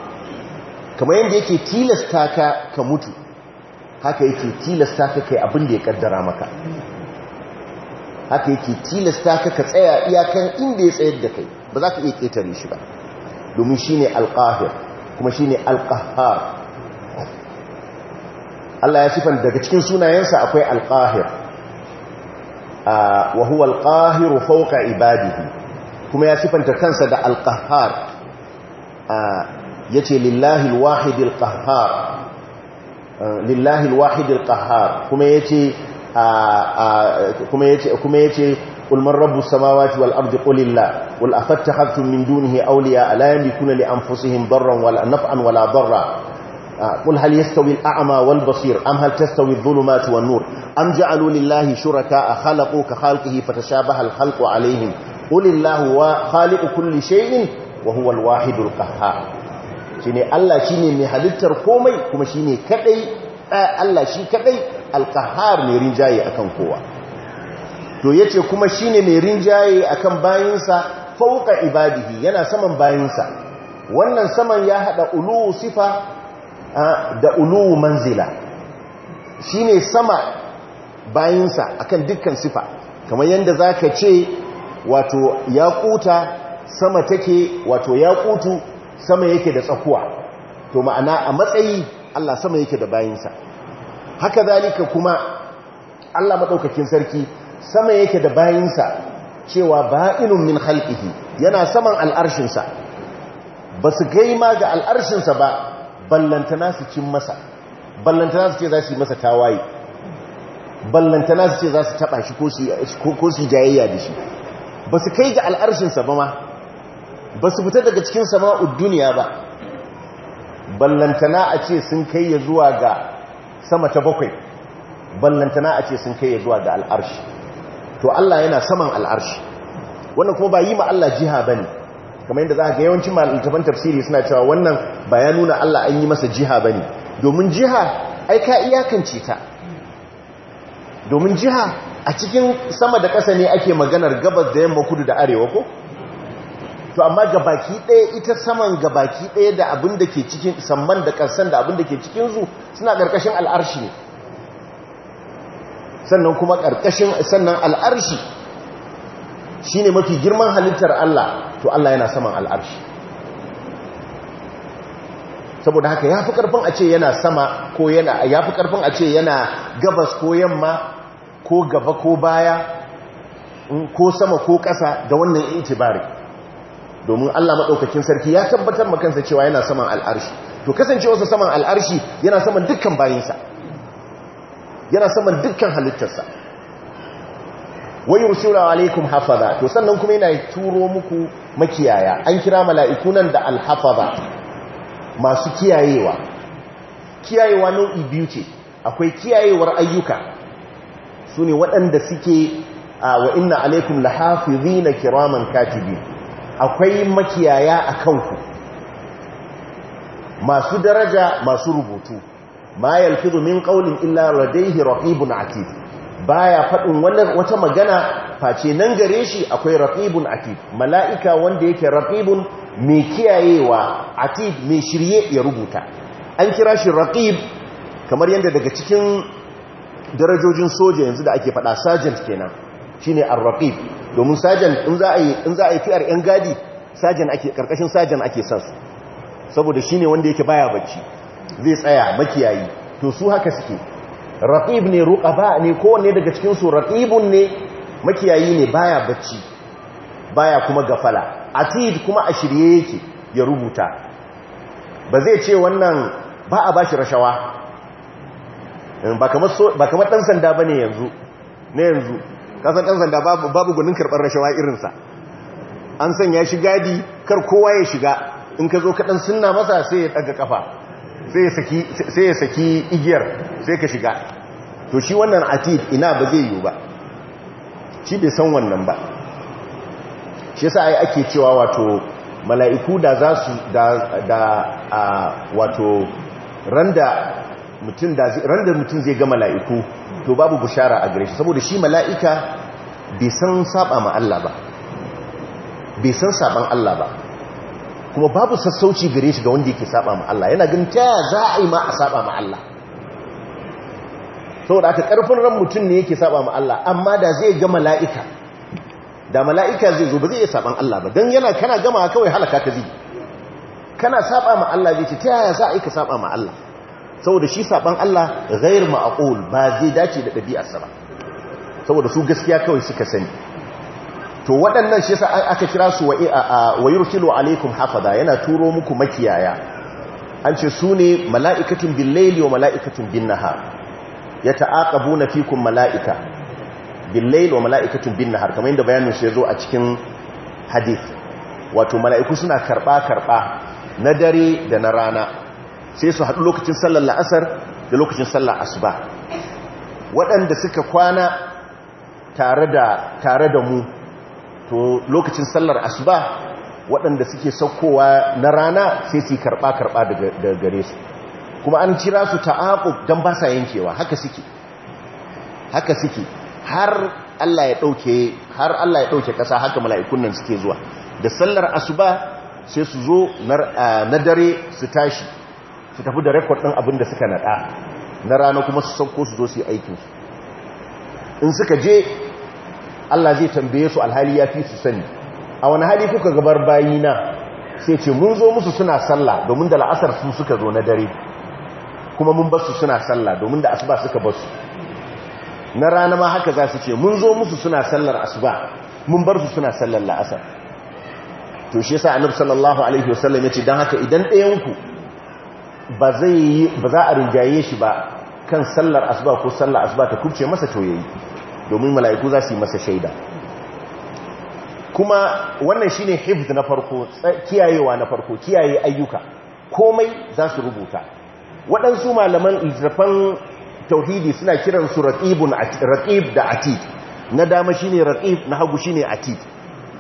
[SPEAKER 2] kamar yanda yake tilasta ka ka mutu haka yake tilasta ka kai abin da ya kaddara maka haka yake tilasta ka ka tsaya iyakan inda ya tsayar da kai ba za ka iya ketare shi ba domin shine alqahir kuma shi ne alƙahar Allah ya sifan daga cikin sunayensa akwai alƙahir a ah, wahuwa huwa fauka ibadihi kuma ya sifanta kansa da alƙahar a ah, yace lillahi ah, lillahi alwahidil ƙahar kuma ya ce kuma yace قل من رب السماوات والأرض قل الله قل أفتخذتم من دونه أولياء لا يملكون لأنفسهم ضرا ولا نفعا ولا ضرا آه، قل هل يستوي الأعمى والبصير أم هل تستوي الظلمات والنور أم جعلوا لله شركاء خلقوا كخالقه فتشابه الخلق عليهم قل الله خالق كل شيء وهو الواحد القهار شيني الله شيني مي حلتر كومي كما شيني كدي آه، الله شي كدي القهار مي رنجاي أكن كوه to ya ce kuma shine mai rinjaye akan bayansa fauka ibadihi yana saman bayansa wannan saman ya haɗa uluwu sifa da uluwu manzila Shi ne sama bayinsa akan dukkan sifa kamar yadda za ka ce wato kuta sama take wato ya kutu sama yake da tsakuwa to ma'ana a matsayi Allah sama yake da bayansa haka zalika kuma Allah maɗaukakin sarki sama yake da bayinsa cewa ba'inun min halƙihi yana saman al'arshinsa ba su gaima ga al'arshinsa ba ballantana su cin masa ballantana su ce za su yi masa tawaye ballantana su ce za su taɓa shi ko su jayayya da shi ba su kai ga al'arshinsa ba ma ba su fita daga cikin sama'ud duniya ba ballantana a ce sun kai ya zuwa ga sama ta bakwai ballantana a ce sun kai ya zuwa ga al'arshi to Allah yana saman al'arshi wannan kuma ba yi ma Allah jiha ba ne. kamar yadda za a ga yawancin malaman tafsiri suna cewa wannan ba ya nuna Allah an yi masa jiha ba ne. domin jiha ai ka iyakance ta domin jiha a cikin sama da ƙasa ne ake maganar gabas da yamma kudu da arewa ko to amma gabaki ɗaya ita saman gabaki ɗaya da abin da ke cikin samman da ƙasan da abin da ke cikin su suna ƙarƙashin al'arshi ne sannan kuma ƙarƙashin sannan al'arshi shi ne mafi girman halittar Allah to Allah yana saman al'arshi saboda haka ya fi ƙarfin a ce yana sama ko yana ya fi ƙarfin a ce yana gabas ko yamma ko gaba ko baya ko sama ko ƙasa da wannan itibari domin Allah maɗaukakin sarki ya tabbatar makansa cewa yana saman al'arshi to kasancewarsa saman al'arshi yana saman dukkan bayinsa yana saman dukkan halittarsa wai rusula alaikum hafaza to sannan kuma yana turo muku makiyaya an kira mala'iku nan da alhafaza masu kiyayewa kiyayewa nau'i biyu ce akwai kiyayewar ayyuka su ne waɗanda suke a wa inna alaikum lahafizina kiraman katibi akwai makiyaya a kanku masu daraja masu rubutu ma yalfizu min qawlin illa ladayhi raqibun atid baya fadin wannan wata magana face nan gare shi akwai raqibun atid mala'ika wanda yake raqibun mai kiyayewa atid mai shirye ya rubuta an kira shi raqib kamar yanda daga cikin darajojin soja yanzu da ake fada sergeant kenan shine ar-raqib domin sergeant in za a yi in za a yi yan gadi sergeant ake karkashin sergeant ake sansu saboda shine wanda yake baya bacci zai tsaya makiyayi to su haka suke raqib ne ruqaba ne kowanne daga cikin su raqibun ne makiyayi ne baya bacci baya kuma gafala atid kuma a shirye yake ya rubuta ba zai ce wannan ba a bashi rashawa eh, ba kamar ɗan sanda ba yanzu na yanzu kasan ɗan sanda babu gunin karɓar rashawa irinsa an sanya shi gadi kar kowa ya shiga in ka zo kaɗan sunna masa sai ya ɗaga kafa. sai ya saki igiyar sai ka shiga to shi wannan atid ina ba zai yiwu ba shi bai san wannan ba shi sa ai ake cewa wato mala'iku da za su da wato randa mutum mutum zai ga mala'iku to babu bushara a gare shi saboda shi mala'ika bai san saba ma ba bai san saban Allah ba kuma babu sassauci gare shi ga wanda yake saba ma Allah yana ganin ta za a yi ma a saba ma Allah saboda aka karfin ran mutum ne yake saba ma Allah amma da zai ga mala'ika da mala'ika zai zo ba zai iya saban Allah ba don yana kana gama kawai halaka ka zai kana saba ma Allah zai ce ta yaya za a yi ka saba ma Allah saboda shi saban Allah ghair ma'aqul ba zai dace da ɗabi'arsa ba saboda su gaskiya kawai suka sani to waɗannan shi sa aka kira su wa yurkilu alaikum hafaza yana turo muku makiyaya an ce su ne mala'ikatun bin laili wa mala'ikatun bin nahar ya ta'aqabu na fikun mala'ika bin laili wa mala'ikatun bin nahar kamar yadda bayanin su ya zo a cikin hadith wato mala'iku suna karɓa-karɓa na dare da na rana sai su haɗu lokacin sallar la'asar da lokacin sallar asuba waɗanda suka kwana tare da mu to lokacin sallar asuba waɗanda suke saukowa na rana sai su karɓa-karɓa daga gare su kuma an cira su ta'aqub don ba sa yankewa haka suke haka suke har Allah ya ɗauke har Allah ya ɗauke ƙasa haka mala'ikun nan suke zuwa da sallar asuba sai su zo na dare su tashi su tafi da rekod ɗin abin da suka naɗa na rana kuma su sauko su zo su yi aikinsu in suka je Allah zai tambaye su alhali ya fi su sani a wani hali kuka gabar bayina sai ce mun zo musu suna sallah domin da la'asar su suka zo na dare kuma mun basu suna sallah domin da asuba suka basu na rana ma haka za su ce mun zo musu suna sallar asuba mun bar su suna sallar la'asar to shi yasa annabi sallallahu alaihi wasallam yace dan haka idan ɗayan ku ba zai ba za a rinjaye shi ba kan sallar asuba ko sallar asuba ta kubce masa to yayi domin mala'iku za su yi masa shaida kuma wannan shine hifd na farko kiyayewa na farko kiyaye ayyuka komai za su rubuta waɗansu malaman littattafan tauhidi suna kiran su raqib da atid na dama shine raqib na hagu shine atid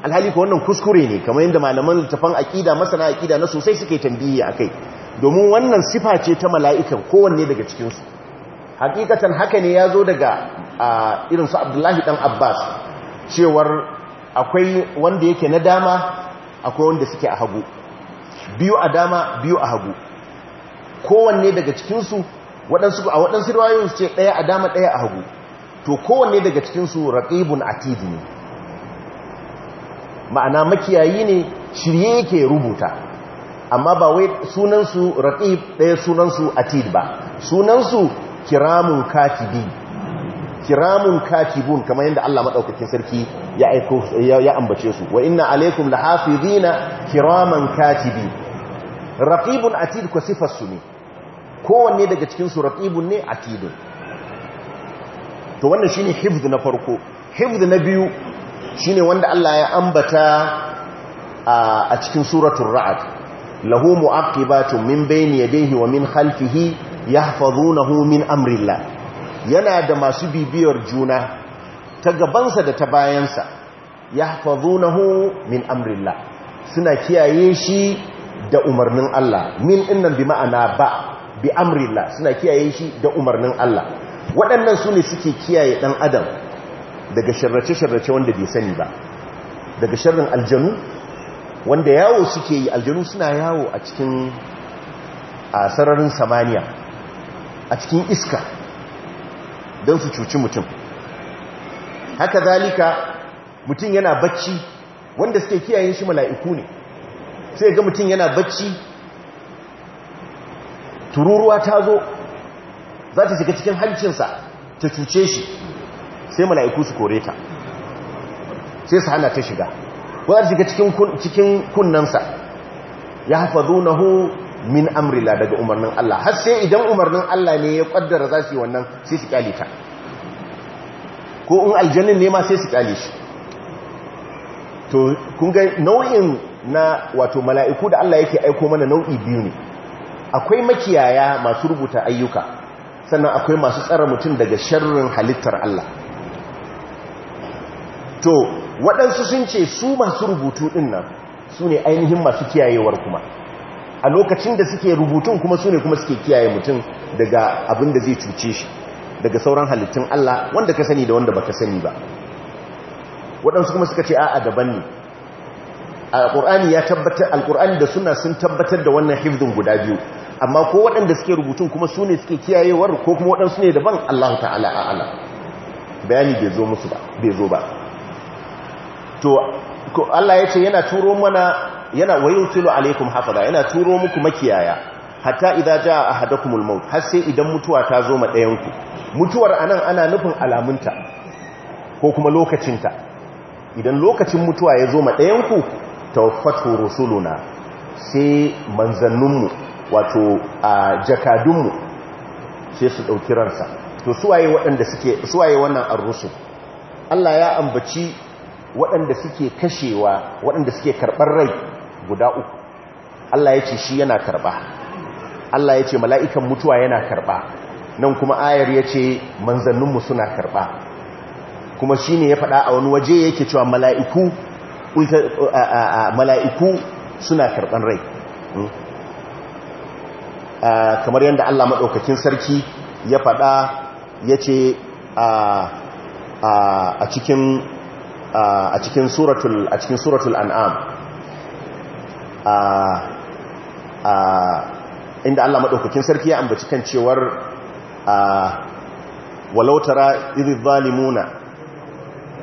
[SPEAKER 2] alhali ko wannan kuskure ne kamar yadda malaman littattafan aƙida masana aqida na sosai suke tambayi kai domin wannan sifa ce ta mala'ikan kowanne daga cikin su hakikatan haka ne ya zo daga irin su abdullahi dan abbas cewar akwai wanda yake na dama akwai wanda suke a hagu biyu a dama biyu a hagu kowanne daga cikinsu a waɗansu riwayoyin su ce ɗaya a dama ɗaya a hagu to kowanne daga cikinsu raqibun atid ne ma'ana makiyayi ne shirye yake rubuta amma ba wai sunansu raƙib ɗaya sunansu atid ba sunansu kiramun katibi kiramun katibun kamar yadda Allah madaukakin sarki ya aiko ya ambace su wa inna alaikum lahafizina kiraman katibi raqibun atid ku sifar su ne kowanne daga cikin su raqibun ne atid to wannan shine hifz na farko hifz na biyu shine wanda Allah ya ambata a cikin suratul ra'd lahu mu'aqibatun min bayni yadayhi wa min khalfihi yahfazunahu min amrillah yana da masu bibiyar juna ta gabansa da ta bayansa yahfazunahu min amrillah suna kiyaye shi da umarnin Allah min innan bi ma'ana ba bi amrilla suna kiyaye shi da umarnin Allah waɗannan su ne suke kiyaye ɗan adam daga sharrace-sharrace wanda bai sani ba daga sharrin aljanu wanda yawo suke yi aljanu suna yawo a cikin a sararin samaniya a cikin iska don su cuci mutum haka zalika mutum yana bacci wanda suke kiyayen shi mala'iku ne sai ga mutum yana bacci tururuwa ta zo za ta shiga cikin hancinsa ta cuce shi sai mala'iku su kore ta sai su hana ta shiga ko za ta shiga cikin kunnansa ya hafa zunahu min amrila daga umarnin Allah har sai idan umarnin Allah ne ya kaddara za su yi wannan sai su kyale ta ko in aljannin ne ma sai su kyale shi to kun ga nau'in na wato mala'iku da Allah yake aiko mana nau'i biyu ne akwai makiyaya masu rubuta ayyuka sannan akwai masu tsara mutum daga sharrin halittar Allah to waɗansu sun ce su masu rubutu ɗin nan su ne ainihin masu kiyayewar kuma a lokacin da suke rubutun kuma su ne kuma suke kiyaye mutum daga abin da zai cuce shi daga sauran halittun Allah wanda ka sani da wanda baka sani ba waɗansu kuma suka ce a'a daban ne alƙur'ani ya tabbatar alƙur'ani da suna sun tabbatar da wannan hifdin guda biyu amma ko waɗanda suke rubutun kuma su ne suke kiyayewar ko kuma waɗansu ne daban Allah ta'ala a'ala bayani bai zo musu ba bai zo ba to Allah ya ce yana turo mana yana wayursilu alaikum hafada yana turo muku makiyaya hatta idza jaa ahadakumul maut har sai idan mutuwa ta zo ma ɗayan ku mutuwar anan ana nufin alamunta ko kuma lokacinta idan lokacin mutuwa ya zo ma ɗayan ku tawaffatu rusuluna sai manzanninmu wato jakadunmu sai su dauki ransa to suwaye waɗanda suke suwaye wannan ar-rusul Allah ya ambaci waɗanda suke kashewa waɗanda suke karɓar rai guda uku Allah ya ce shi yana karba Allah ya ce mala'ikan mutuwa yana karba nan kuma ayar ya ce manzanninmu suna karba kuma shi ne ya faɗa a wani waje yake cewa mala'iku suna karɓan rai hmm? kamar yadda Allah maɗaukakin sarki ya faɗa ya ce a cikin suratul an'am inda Allah maɗaukakin sarki ya ambaci kan cewar walautara idhi zalimuna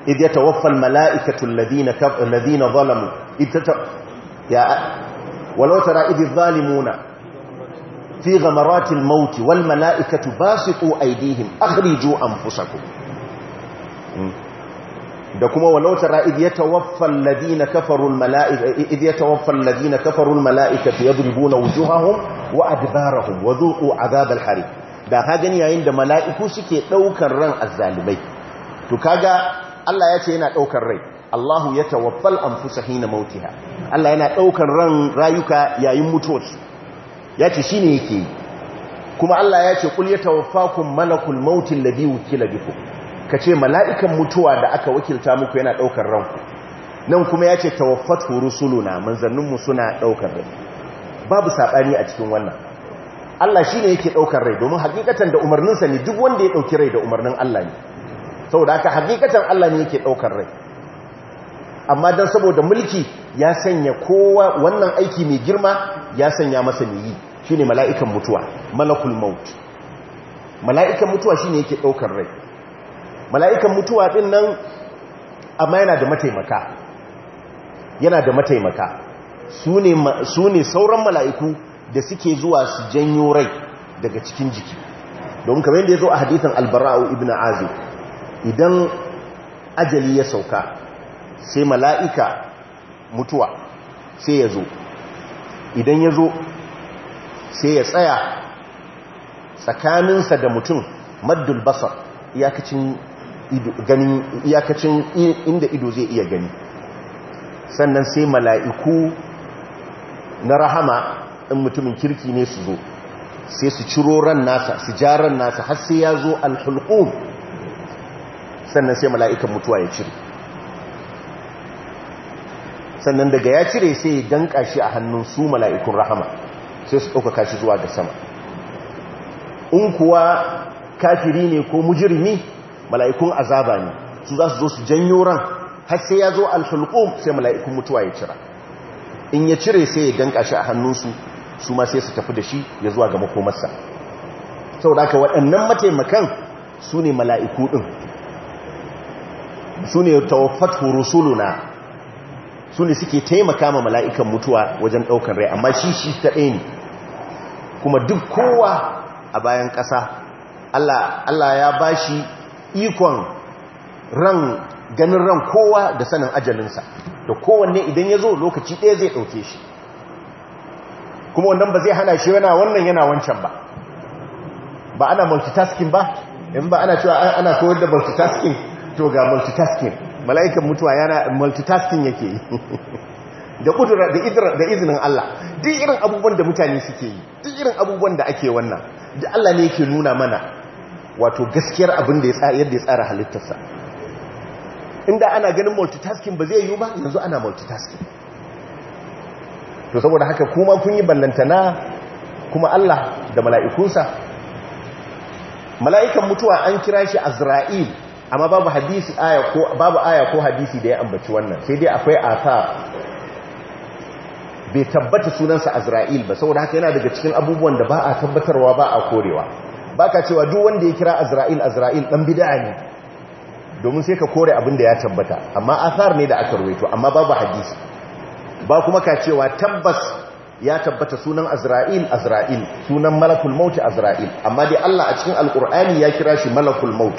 [SPEAKER 2] idh yatawaffa almala'ikatu alladhina alladhina zalamu ya walautara idhi zalimuna fi ghamarati almaut walmala'ikatu basitu aydihim akhriju anfusakum hmm. da kuma walau tara idh yatawaffa alladhina kafaru almala'ika almala'ikatu yadribuna wujuhahum wa adbarahum wa dhuqu adhab da ka yayin da mala'iku suke daukar ran azzalimai to kaga Allah ya ce yana daukar rai Allah ya tawaffal hina mautiha Allah yana daukar ran rayuka yayin mutuwarsu ya ce shine yake kuma Allah ya ce kul yatawaffakum malakul mautil ladhi wukila bikum ka ce mala'ikan mutuwa da aka wakilta muku yana ɗaukar ranku nan kuma ya ce tawaffat suluna, manzanninmu suna ɗaukar rai babu saɓani a cikin wannan Allah shi ne yake ɗaukar rai domin hakikatan da umarninsa ne duk wanda ya ɗauki rai da umarnin Allah ne saboda haka hakikatan Allah ne yake ɗaukar rai amma don saboda mulki ya sanya kowa wannan aiki mai girma ya sanya masa ne yi shi ne mala'ikan mutuwa malakul maut mala'ikan mutuwa shi ne yake ɗaukar rai mala'ikan mutuwa ɗin nan amma yana da mataimaka yana da mataimaka su ne sauran mala'iku da suke zuwa su janyo rai daga cikin jiki domin kamar yadda ya zo a hadithan albara'u ibn azu idan ajali ya sauka sai mala'ika mutuwa sai ya zo idan ya zo sai ya tsaya tsakaninsa da mutum maddul basar iyakacin ganin iyakacin inda ido zai iya gani sannan sai mala'iku na rahama in mutumin kirki ne su zo sai su ciro ran nasa su ja ran nasa har sai ya zo alhulqum sannan sai mala'ikan mutuwa ya cire sannan daga ya cire sai ya danka shi a hannun su mala'ikun rahama sai su ɗaukaka shi zuwa ga sama in kuwa kafiri ne ko mujirmi mala'ikun azaba ne su za su zo su janyo ran har sai ya zo alhulqum sai mala'ikun mutuwa ya cira in ya cire sai ya danka shi a hannunsu su ma sai su tafi da shi ya zuwa ga makomarsa saboda haka waɗannan mataimakan su ne mala'iku ɗin su ne tawaffat na su ne suke taimaka ma mala'ikan mutuwa wajen ɗaukar rai amma shi shi ta ɗaya ne kuma duk kowa a bayan ƙasa Allah ya ba shi ikon ran ganin ran kowa da sanin ajalinsa da kowanne idan ya zo lokaci ɗaya zai ɗauke shi kuma wannan ba zai hana shi yana wannan yana wancan ba ba ana multitasking ba in ba ana cewa ana koyar da multitasking to ga multitasking mala'ikan mutuwa yana multitasking yake yi da kudura da izinin Allah duk irin abubuwan da mutane suke yi duk irin abubuwan da ake wannan da Allah ne yake nuna mana wato gaskiyar abin da ya yadda ya tsara halittarsa inda ana ganin multitasking ba zai yi ba yanzu ana multitasking to saboda haka kuma kun yi ballantana kuma Allah da mala'ikunsa mala'ikan mutuwa an kira shi azra'il amma babu hadisi aya ko hadisi da ya ambaci wannan sai dai akwai asa bai tabbata sunansa azra'il ba saboda haka yana daga cikin abubuwan da ba a tabbatarwa ba a korewa baka cewa duk wanda ya kira azra'il azra'il dan bid'a ne domin sai ka kore abin da ya tabbata amma athar ne da aka ruwaito amma babu hadisi ba kuma ka cewa tabbas ya tabbata sunan azra'il azra'il sunan malakul maut azra'il amma dai Allah a cikin alqur'ani ya kira shi malakul maut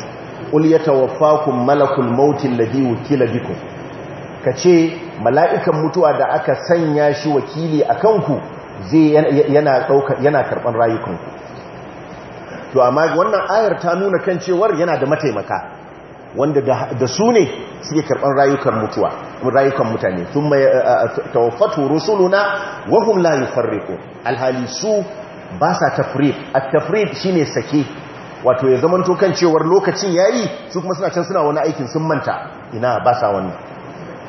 [SPEAKER 2] qul yatawaffakum malakul maut alladhi wukila bikum ce mala'ikan mutuwa da aka sanya shi wakili akan ku zai yana karɓan yana karɓar rayukanku to amma wannan ayar ta nuna kan cewar yana da mataimaka wanda da su ne suke karɓar rayukan mutuwa rayukan mutane sun mai eh, eh, eh, tawaffatu rusuluna wahum la yufarriqu alhali su ba sa tafrid at-tafrid shine sake wato ya zamanto kan cewar lokacin yayi su kuma suna can suna wani aikin sun manta ina ba sa wani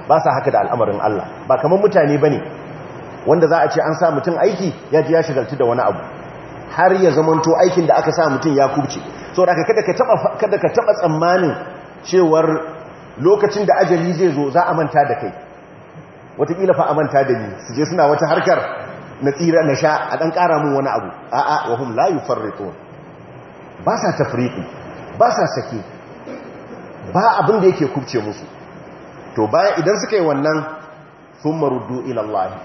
[SPEAKER 2] ba sa haka da al'amarin Allah ba kamar mutane bane wanda za a ce an sa mutum aiki ya ji ya shigalci da wani abu har ya zamanto aikin da aka sa mutum ya kubce so da kada ka taba tsammanin cewar lokacin da ajali zai zo za a manta da kai watakila fa a manta da ni su je suna wata harkar na tsira na sha a ɗan ƙara mun wani abu a'a a wahun layu farreto ba sa tafriqi ba sa sake ba abin da yake kubce musu to bayan idan suka yi wannan sun maruddu ilallahi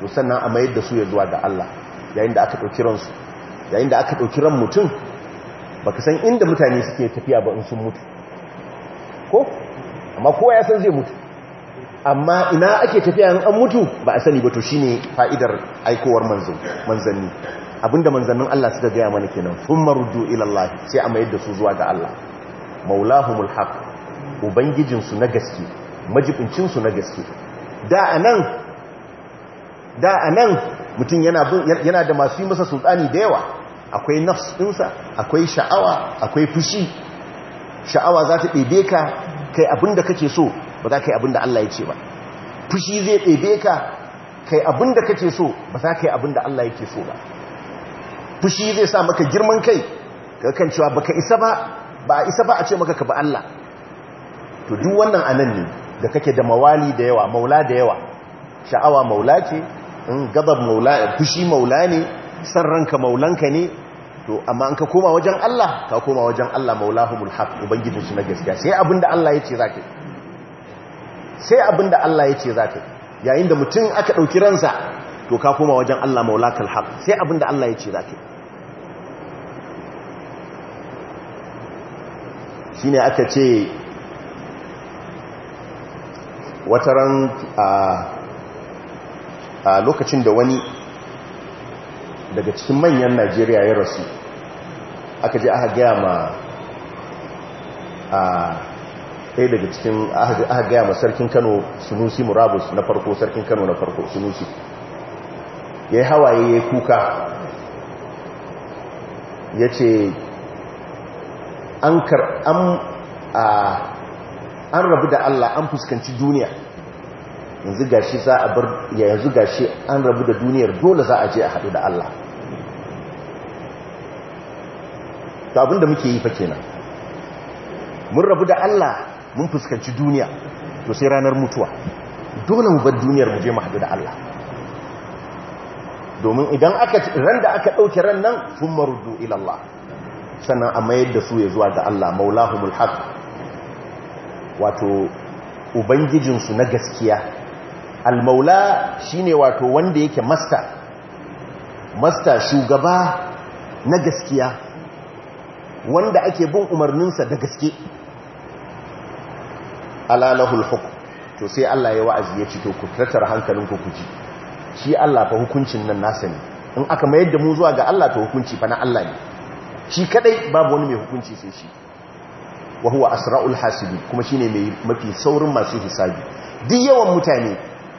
[SPEAKER 2] to sannan a mayar da su ya zuwa ga Allah yayin da aka ɗauki ransu yayin da aka ɗauki ran mutum ba ka san inda mutane suke tafiya ba in sun mutu ko amma kowa ya san zai mutu amma ina ake tafiya in an mutu ba a sani ba to shi ne fa'idar aikowar manzanni abinda manzannin Allah suka gaya mana kenan sun ruddu ilallahi, sai a mayar da su zuwa ga Allah Maulahu mulhaq Ubangijinsu na gaske majibincinsu na gaske da anan da anan mutum yana yana da masu yi masa sultani da yawa akwai nafs ɗinsa akwai sha'awa akwai fushi sha'awa za ta ɗebe ka kai abinda kake so ba za ka yi abinda Allah ya ce ba fushi zai ɗebe ka kai abinda kake so ba za ka yi abinda da Allah yake so ba fushi zai sa maka girman kai ga kan cewa baka isa ba ba isa ba a ce maka ka ba Allah to duk wannan anan ne da kake da mawali da yawa maula da yawa sha'awa maula ce in maula fushi maula ne san ranka maulanka ne to amma an ka koma wajen Allah ka koma wajen Allah maulahumul haq shi na gaskiya sai abinda Allah ya yace zaka sai abinda Allah ya yace zaka yayin da mutum aka dauki ransa to ka koma wajen Allah maulakal haq sai abinda Allah ya yace zaka shine aka ce wataran a lokacin da wani daga cikin manyan najeriya ya rasu aka je aka gaya ma a ɗaya daga cikin aka gaya ma sarkin kano sunusi murabus na farko sarkin kano na farko sunusi ya yi hawaye ya yi kuka ya ce an rabu da allah an fuskanci duniya yanzu gashi za a bar yanzu gashi an rabu da duniyar dole za a je a haɗu da allah to da muke yi fa kenan mun rabu da Allah mun fuskanci duniya to sai ranar mutuwa dole mu bar duniyar mu je mu haɗu da Allah domin idan aka ran da aka ɗauke ran nan sun marudu ilallah sannan a mayar da su ya zuwa da Allah maulahumul haq wato ubangijinsu na gaskiya almaula shine wato wanda yake masta masta shugaba na gaskiya wanda ake bin umarninsa da gaske alalahul hukm to sai Allah ya wa'azi ya ce to ku tattara hankalinku ku ji shi Allah fa hukuncin nan nasa ne in aka mayar da mu zuwa ga Allah to hukunci fa na Allah ne shi kadai babu wani mai hukunci sai shi wa huwa asra'ul hasibi kuma shine mai mafi saurin masu hisabi duk yawan mutane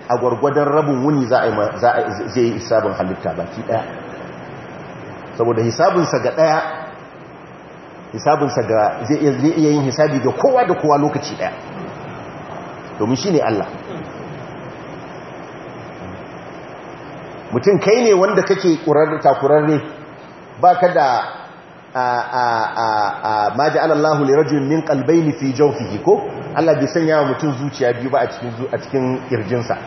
[SPEAKER 2] a gwargwadon rabin wuni za a zai hisabin halitta baki daya saboda hisabinsa ga daya hisabinsa ga zai iya yin hisabi ga kowa da kowa lokaci daya domin shi ne Allah mutum kai ne wanda kake takurarre ba ka da ma ji alallahu ne rajin min kalbai ne fi fi ko Allah bai sanya wa mutum zuciya biyu ba a cikin irjinsa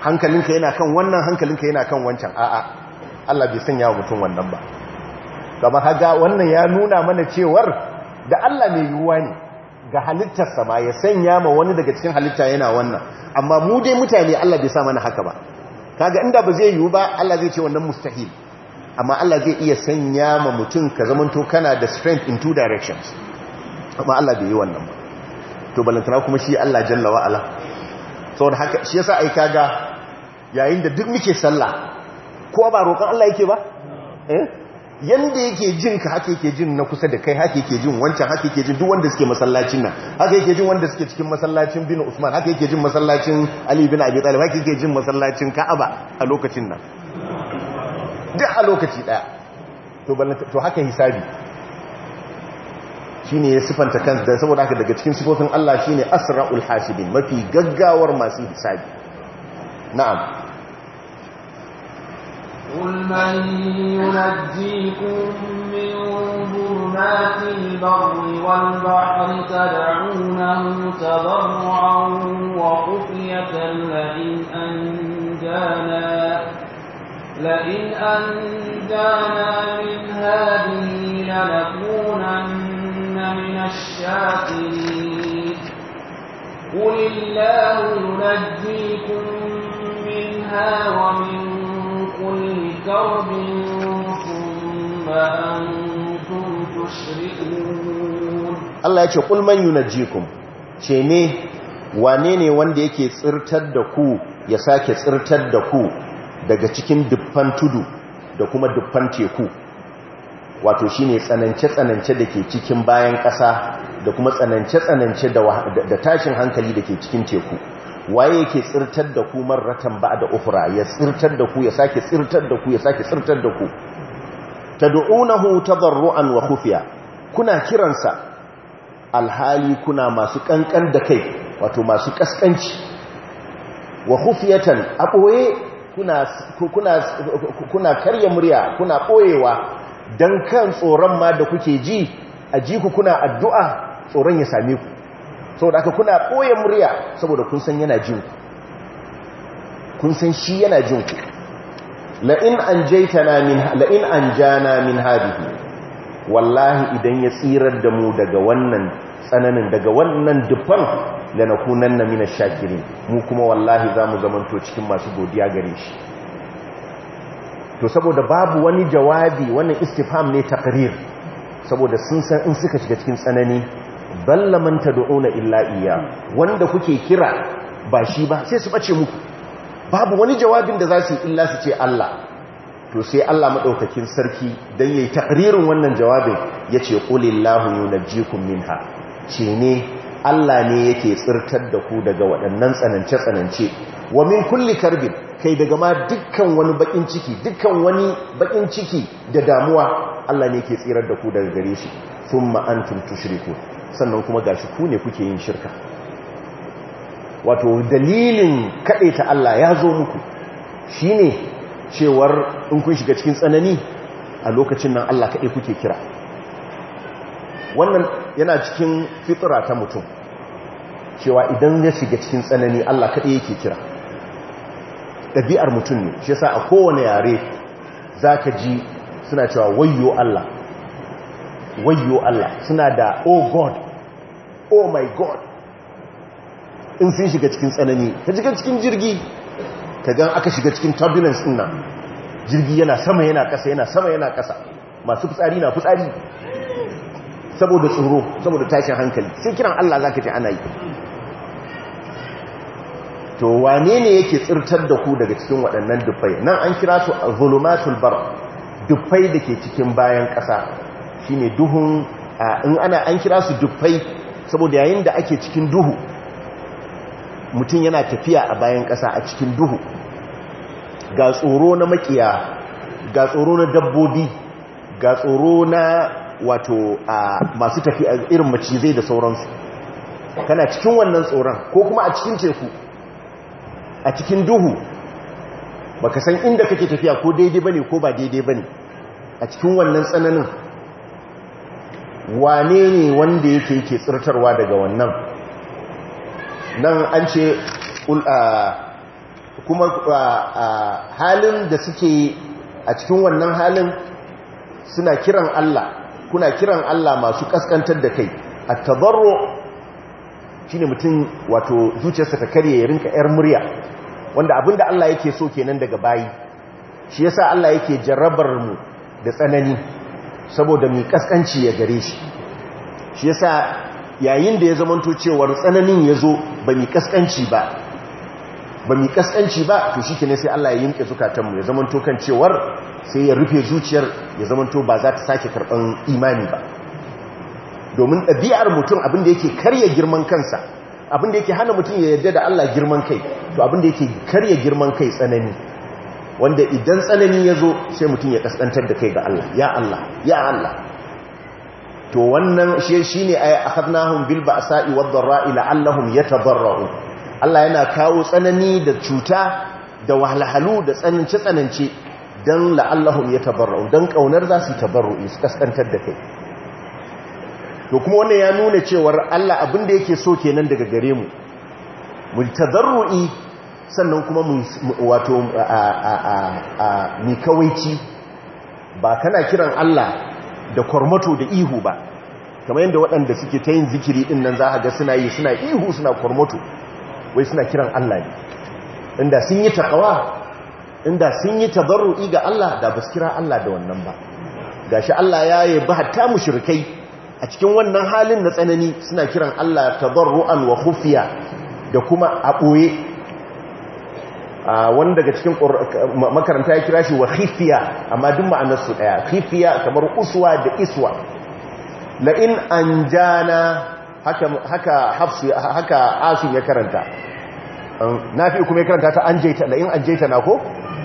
[SPEAKER 2] hankalinka yana kan wannan hankalinka yana kan wancan a'a Allah bai sanya wa mutum wannan ba kama haga wannan ya nuna mana cewar da Allah mai yiwuwa ne ga halittarsa ma ya sanya ma wani daga cikin halitta yana wannan amma mu dai mutane Allah bai sa mana haka ba kaga inda ba zai yiwu ba Allah zai ce wannan mustahil amma Allah zai iya sanya ma mutum ka to kana da strength in two directions amma Allah bai yi wannan ba to balantana kuma shi Allah jalla wa ala saboda haka shi yasa ai kaga yayin da duk muke sallah ko ba roƙon Allah yake ba eh yanda yake jin ka haka yake jin na kusa da kai haka yake jin wancan haka yake jin duk wanda suke masallacin nan haka yake jin wanda suke cikin masallacin bin Usman haka yake jin masallacin Ali bin Abi Talib haka yake jin masallacin Ka'aba a lokacin nan duk a lokaci daya to to haka hisabi shine ya sifanta kansa da saboda haka daga cikin sifofin Allah shine asra'ul hasibin mafi gaggawar masu hisabi na'am
[SPEAKER 3] قل من ينجيكم من ظلمات البر والبحر تدعونه تضرعا وخفية لئن أنجانا لئن أنجانا من هذه لنكونن من الشاكرين قل الله ينجيكم منها ومن كل كرب ثم أنتم تشركون
[SPEAKER 2] الله يقول قل من ينجيكم شيني ne wanda yake tsirtar da ku ya sake tsirtar da ku daga cikin dubban tudu da kuma dubban teku wato shine tsanance-tsanance da ke cikin bayan ƙasa da kuma tsanance-tsanance da tashin hankali da ke cikin teku waye yake tsirtar da ku marratan ba da ufra ya tsirtar da ku ya sake tsirtar da ku ya sake tsirtar da ku tad'unahu tadarruan wa khufiya kuna kiransa alhali kuna masu kankan da kai wato masu kaskanci wa khufiyatan aboye kuna kuna kuna karya murya kuna boyewa dan kan tsoron ma da kuke ji a ji ku kuna addu'a tsoron ya same ku saboda aka kuna ɓoye murya saboda kun san yana jin ku kun san shi yana jin ku la'in an min la'in an min hadihi wallahi idan ya tsirar da mu daga wannan tsananin daga wannan dufan kunan na mina shakiri mu kuma wallahi za zamu zamanto cikin masu godiya gare shi to saboda babu wani jawabi wannan istifham ne takrir saboda sun san in suka shiga cikin tsanani balla man tad'una illa iya wanda kuke kira ba shi ba sai su bace muku babu wani jawabin da za su illa su ce Allah to sai Allah madaukakin sarki dan yayi takririn wannan jawabin yace qulillahu yunjikum minha ce ne Allah ne yake tsirtar da ku daga waɗannan tsanance tsanance wa min kulli karbin kai daga ma dukkan wani bakin ciki dukkan wani bakin ciki da damuwa Allah ne yake tsirar da ku daga gare shi thumma antum tushriku sannan kuma gashi ku ne kuke yin shirka wato dalilin ta Allah ya zo muku shine cewar in kun shiga cikin tsanani a lokacin nan Allah kaɗai kuke kira wannan yana cikin fitura ta mutum cewa idan ya shiga cikin tsanani Allah kaɗai yake kira ɗabi'ar mutum ne shi yasa a kowane yare za ka ji suna cewa wayyo Allah wayo Allah suna da oh god oh my god in sun shiga cikin tsanani ka shiga cikin jirgi ka gan aka shiga cikin turbulence ɗin nan jirgi yana sama yana ƙasa yana sama yana ƙasa masu fitsari na fitsari saboda tsoro saboda tashin hankali sai kiran Allah za ka ji ana yi to wane ne yake tsirtar da ku daga cikin waɗannan dubbai nan an kira su a zulumatul bar dubbai da ke cikin bayan ƙasa ne duhun in ana an kira su dufai saboda yayin da ake cikin duhu mutum yana tafiya a bayan ƙasa a cikin duhu ga tsoro na makiya ga tsoro na dabbobi ga tsoro na wato a masu tafiya irin macizai da sauransu kana cikin wannan tsoron ko kuma a cikin teku a cikin duhu baka san inda kake tafiya ko daidai bane ko ba daidai bane a cikin wannan tsananin wane ne wanda yake ke tsirtarwa daga wannan nan an ce kuma halin da suke a cikin wannan halin suna kiran Allah kuna kiran Allah masu kaskantar da kai A tabarro. Shi ne mutum wato zuciyarsa ta karye ya rinka yar murya wanda abin da Allah yake so kenan daga bayi shi yasa Allah yake jarrabar mu da tsanani saboda mai kaskanci ya gare shi shi yasa yayin da ya zamanto cewar tsananin ya zo ba mai kaskanci ba ba mai kaskanci ba to shi kine sai Allah ya yinke zukatanmu ya zamanto kan cewar sai ya rufe zuciyar ya zamanto ba za ta sake karɓan imani ba domin ɗabi'ar mutum abin da yake karya girman kansa abin da yake hana mutum ya yarda da Allah girman kai to abin da yake karya girman kai tsanani wanda idan tsanani ya zo sai mutum ya kaskantar da kai ga Allah ya Allah ya Allah to wannan shi shine ayi akhadnahum bil ba'sa'i wad dharra'i la'allahum yatadarra'u Allah yana kawo tsanani da cuta da wahalhalu da tsananci tsananci dan la'allahum yatadarra'u dan kaunar za su tabarru'i su kaskantar da kai to kuma wannan ya nuna cewar Allah abin da yake so kenan daga gare mu mu tadarru'i sannan kuma wato mai kawaici ba kana kiran Allah da kwarmato da ihu ba kamar yadda waɗanda suke ta yin zikiri ɗin nan za a ga suna yi suna ihu suna kwarmato wai suna kiran Allah ne inda sun yi taƙawa inda sun yi tabarru'i ga Allah da ba su kira Allah da wannan ba Ga shi Allah ya yi ba hatta shirkai a cikin wannan halin na tsanani suna kiran Allah tabarru'an wa khufiya da kuma a ɓoye wani daga cikin makaranta ya kira shi wa khifiya amma duk su daya khifiya kamar uswa da iswa la in anjana haka haka hafsu haka asu ya karanta um, nafi kuma ya karanta ta anjaita. la in anjaita na ko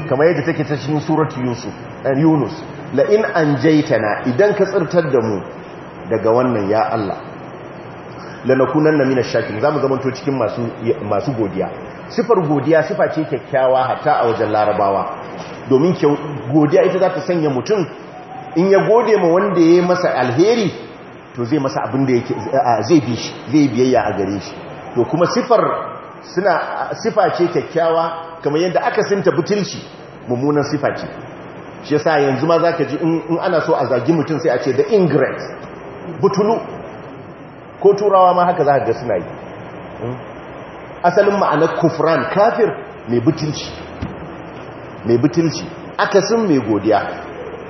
[SPEAKER 2] kamar yadda take ta cikin suratu yusuf eh, yunus la in anjaita na idan ka tsirtar da mu daga wannan ya Allah lanakunanna minash shakirin zamu to cikin masu godiya sifar godiya sifa ce kyakkyawa hatta a wajen larabawa domin godiya ita za ta sanya mutum in ya gode ma wanda ya yi masa alheri to zai masa abin da zai bi shi zai biyayya a gare shi to kuma sifar suna sifa ce kyakkyawa kamar yadda aka sinta butulci mummunan sifa ce shi yasa yanzu ma zaka ji in ana so a zagi mutum sai a ce da ingrate butulu ko turawa ma haka za ga suna yi hmm? asalin ma'anar kufran kafir mai butulci mai butulci akasin mai godiya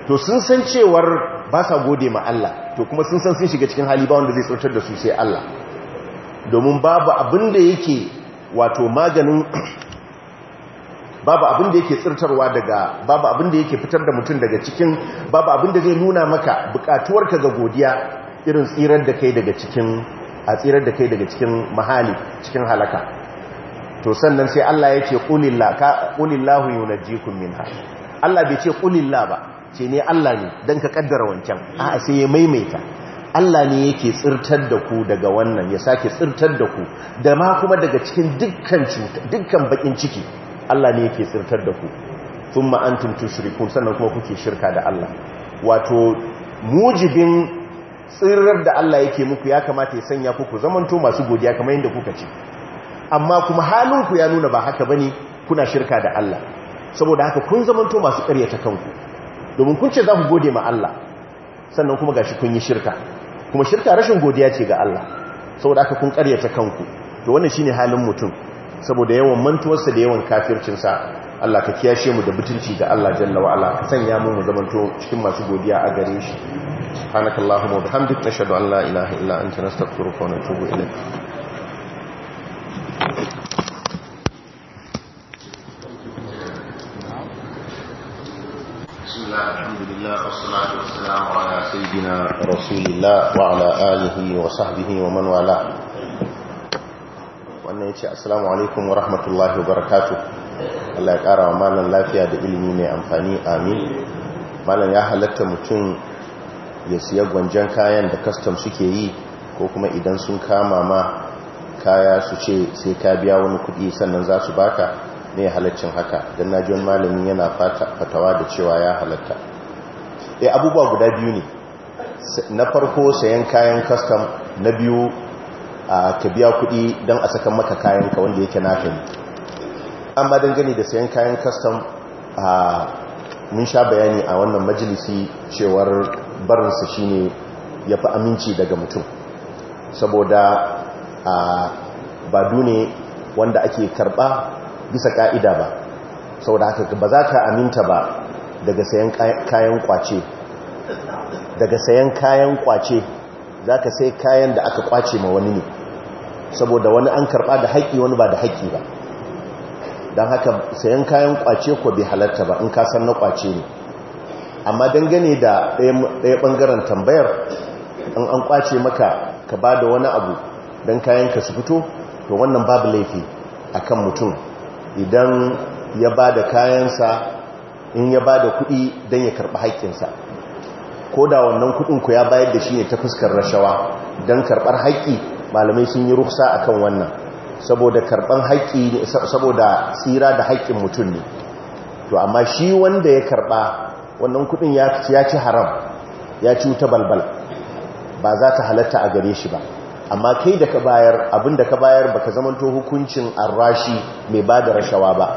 [SPEAKER 2] to sun san cewar ba sa gode ma Allah to kuma sun san sun shiga cikin hali ba wanda zai tsotar da su sai Allah domin babu abin da yake wato maganin babu abin da yake tsirtarwa daga babu abin da yake fitar da mutum daga cikin babu abin da zai nuna maka bukatuwarka ga godiya irin tsirar da kai daga cikin a tsirar da kai daga cikin mahali cikin halaka to sannan sai Allah ya ce ƙulillahu min minha Allah bai ce ƙulillah ba ce ne Allah ne don ka ƙaddara wancan a sai ya maimaita Allah ne yake tsirtar da ku daga wannan ya sake tsirtar da ku da ma kuma daga cikin dukkan bakin ciki Allah ne yake tsirtar da ku sun ma'antum tushrikun sannan kuma kuke shirka da Allah wato mujibin tsirar da Allah yake muku ya kamata ya sanya kuku zamantu zamanto masu godiya kamar yadda kuka ce amma kuma halinku ya nuna ba haka bane kuna shirka da Allah saboda haka kun zamanto masu ƙaryata kanku domin kun ce za ku gode ma Allah sannan kuma gashi kun yi shirka kuma shirka rashin godiya ce ga Allah saboda haka kun ƙaryata kanku to wannan shine halin mutum saboda yawan mantuwarsa da yawan kafircinsa Allah ka kiyashe mu da mutunci ga Allah jalla wa ala ka sanya mu mu zamanto cikin masu godiya a
[SPEAKER 1] gare shi subhanakallahumma wa bihamdika ashhadu an la ilaha illa anta nastaghfiruka wa natubu ilayk الله الحمد لله yace assalamu alaikum wa rahmatullahi wa barakatuh Allah ya kara wa malam lafiya da ilimi mai amfani amin malam ya halatta mutum ya siya gwanjan kayan da kastam suke yi ko kuma idan sun kama ma kaya su ce sai ka biya wani kuɗi sannan za su baka ne halaccin haka don na ji wani malamin yana fatawa da cewa ya halatta ya eh, abubuwa guda biyu ne na farko sayan kayan kastam na biyu
[SPEAKER 2] a ka biya kuɗi don a sakan maka kayan ka wanda yake naka ne amma dangane da sayan kayan kastam a mun sha bayani a wannan majalisi cewar barinsa shine ya fi aminci daga mutum saboda a badu ne wanda ake karba bisa ka'ida ba sau da haka ba za ka aminta ba daga sayan kayan kwace daga sayan kayan kwace za ka sai kayan da aka kwace ma wani ne saboda wani an karba da haƙi wani ba da haƙi ba don haka sayan kayan kwace ko bai halatta ba in san na kwace ne amma dangane da ɗaya ɓangaren tambayar in an kwace maka ka ba da wani abu don kayanka su fito to wannan babu laifi a kan mutum idan ya ba da kayansa in ya ba da kuɗi don ya karɓi haƙƙinsa ko da wannan kuɗinku ya bayar da shi ne ta fuskar rashawa don karɓar haƙƙi malamai sun yi ruksa a kan wannan saboda karɓar haƙƙi saboda tsira da haƙƙin mutum ne to amma shi wanda ya karɓa wannan kuɗin ya ci haram ya ci wuta balbal ba za ta halatta a gare shi ba amma kai da ka bayar abin da ka bayar baka zamanto hukuncin arrashi mai da rashawa ba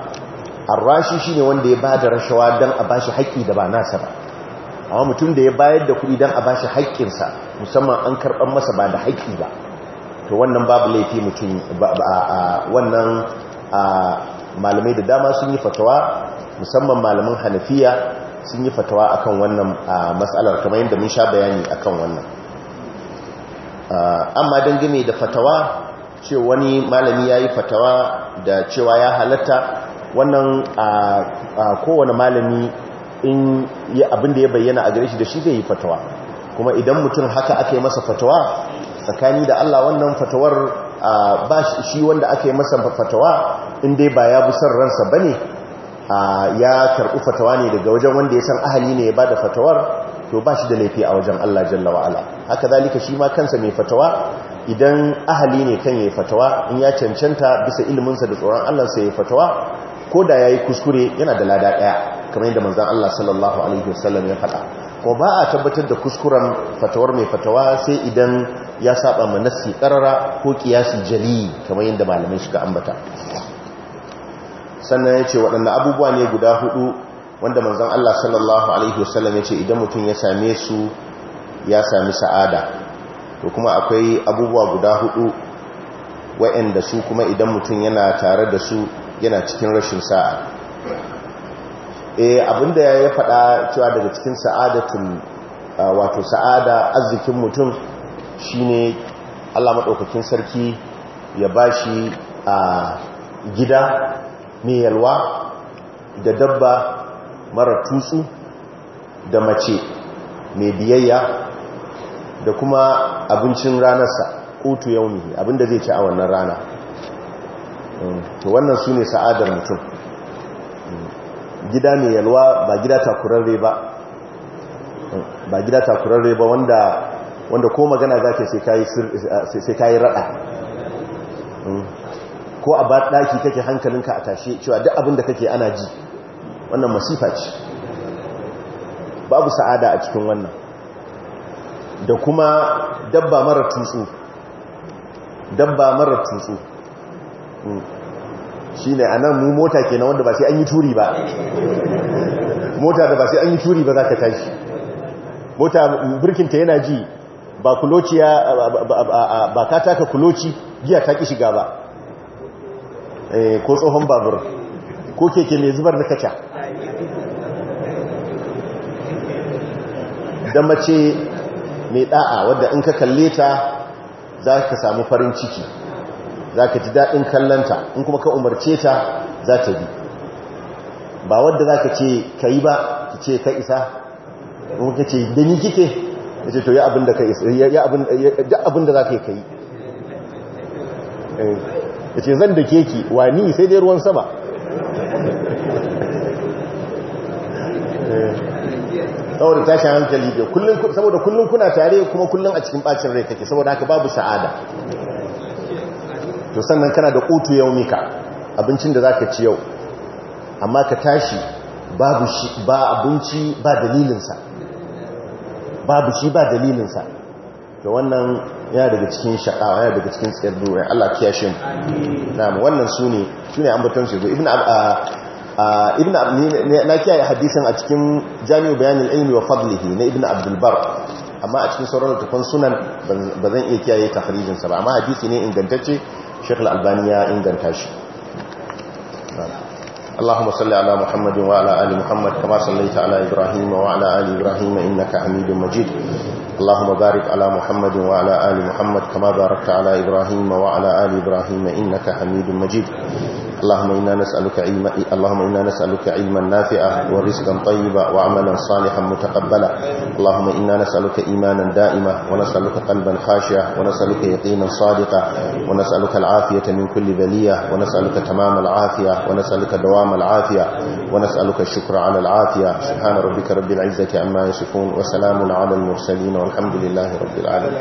[SPEAKER 2] arrashi shine wanda ya ba da rashawa dan a bashi haƙƙi da ba nasa ba amma mutum da ya bayar da kuɗi dan a bashi haƙƙinsa musamman an karɓar masa ba da haƙƙi ba to wannan babu laifi mutum wannan malamai da dama sun yi fatawa musamman malaman hanafiya sun yi fatawa akan wannan matsalar kamar yadda mun sha bayani akan wannan Ah, amma dangane da fatawa ce wani malami ya yi fatawa da cewa ya halatta wannan a kowane malami in abinda ya bayyana a gare shi da shi zai yi fatawa kuma idan mutum haka aka yi masa fatawa tsakani da Allah wannan fatawar ba shi wanda aka yi masa fatawa in dai ba ya busar ransa ba ne ya karɓi fatawa ne daga wajen wanda ya san ahali ne ya ba da fatawar to ba shi da laifi a wajen Allah jalla wa'ala haka zalika shi ma kansa mai fatawa idan ahali ne kan yayi fatawa in ya cancanta bisa iliminsa da tsoron Allah sai yayi fatawa ko da yayi kuskure yana da lada daya kamar yadda manzon Allah sallallahu alaihi wasallam ya faɗa ko ba a tabbatar da kuskuren fatawar mai fatawa sai idan ya saba ma nassi karara ko kiyasi jali kamar yadda malamai suka ambata sannan ya ce waɗanne
[SPEAKER 1] abubuwa ne guda hudu wanda manzon Allah sallallahu alaihi wasallam ya ce idan mutum ya same su ya sami sa'ada to kuma akwai abubuwa guda hudu wa'anda su kuma idan mutum yana tare da su yana cikin rashin sa'a
[SPEAKER 2] eh abinda ya faɗa cewa daga cikin tun wato sa'ada arzikin mutum shine Allah maɗaukakin sarki ya bashi a gida mai yalwa da dabba mara tusu, da mace mai biyayya da kuma abincin ranarsa ƙutu yauni abinda zai ci a wannan rana mm, to wannan su ne sa'adar mutum mm, gida mai yalwa ba gida takurarre ba mm, ba gida takurarre ba wanda wanda ko magana za ke sai kayi rada ko a ba daki take hankalinka a tashi cewa duk abinda kake ana ji wannan masifa ce babu sa'ada a cikin wannan da kuma dabba mara tutsu dabba mara tutsu hmm. shi ne a nan mu mota ke na wanda ba sai an yi turi ba mota da ba sai an yi turi ba za ka tashi mota birkinta yana ji ba kulociya ba ka taka kuloci giya ta ki shiga ba eh, ko tsohon babur ko keke mai zubar na kacha da mace mai da'a wadda in ka kalle ta za ka samu farin ciki za ka ji daɗin kallanta in kuma ka umarce ta za ta bi ba wadda za ka ce ka yi ba ki ce ka isa kuma ka ce da ni kike ya ce to ya abin da ka isa ya abin da za ka yi ka yi eh. ya ce zan da keki wani sai dai ruwan sama saboda tashi hankali kullum saboda kullum kuna tare kuma kullum a cikin bacin rai kake saboda haka babu sa'ada to sannan kana da kutu yau mika abincin da zaka ci yau amma ka tashi babu shi ba abinci ba dalilinsa babu shi ba dalilinsa to wannan yana daga cikin shaqawa yana daga cikin tsirdurai Allah kiyashin na wannan sune sune ambaton su ibn ah, ibn na kiyaye hadisin a cikin jami'u bayanin ilmi wa fadlihi na ibn abdulbar amma a cikin sauran tukun sunan ba zan iya kiyaye tahrijinsa ba amma hadisi ne
[SPEAKER 1] ingantacce shekul albani ya inganta shi اللهم صل على محمد وعلى آل محمد كما صليت على إبراهيم وعلى آل إبراهيم إنك حميد مجيد اللهم بارك على محمد وعلى آل محمد كما باركت على إبراهيم وعلى آل إبراهيم إنك حميد مجيد اللهم إنا نسألك علما اللهم إنا نسألك علما نافعا ورزقا طيبا وعملا صالحا متقبلا اللهم إنا نسألك إيمانا دائما ونسألك قلبا خاشعا ونسألك يقينا صادقا ونسألك العافية من كل بلية ونسألك تمام العافية ونسألك دوام العافية ونسألك الشكر على العافية سبحان ربك رب العزة عما يصفون وسلام على المرسلين والحمد لله رب العالمين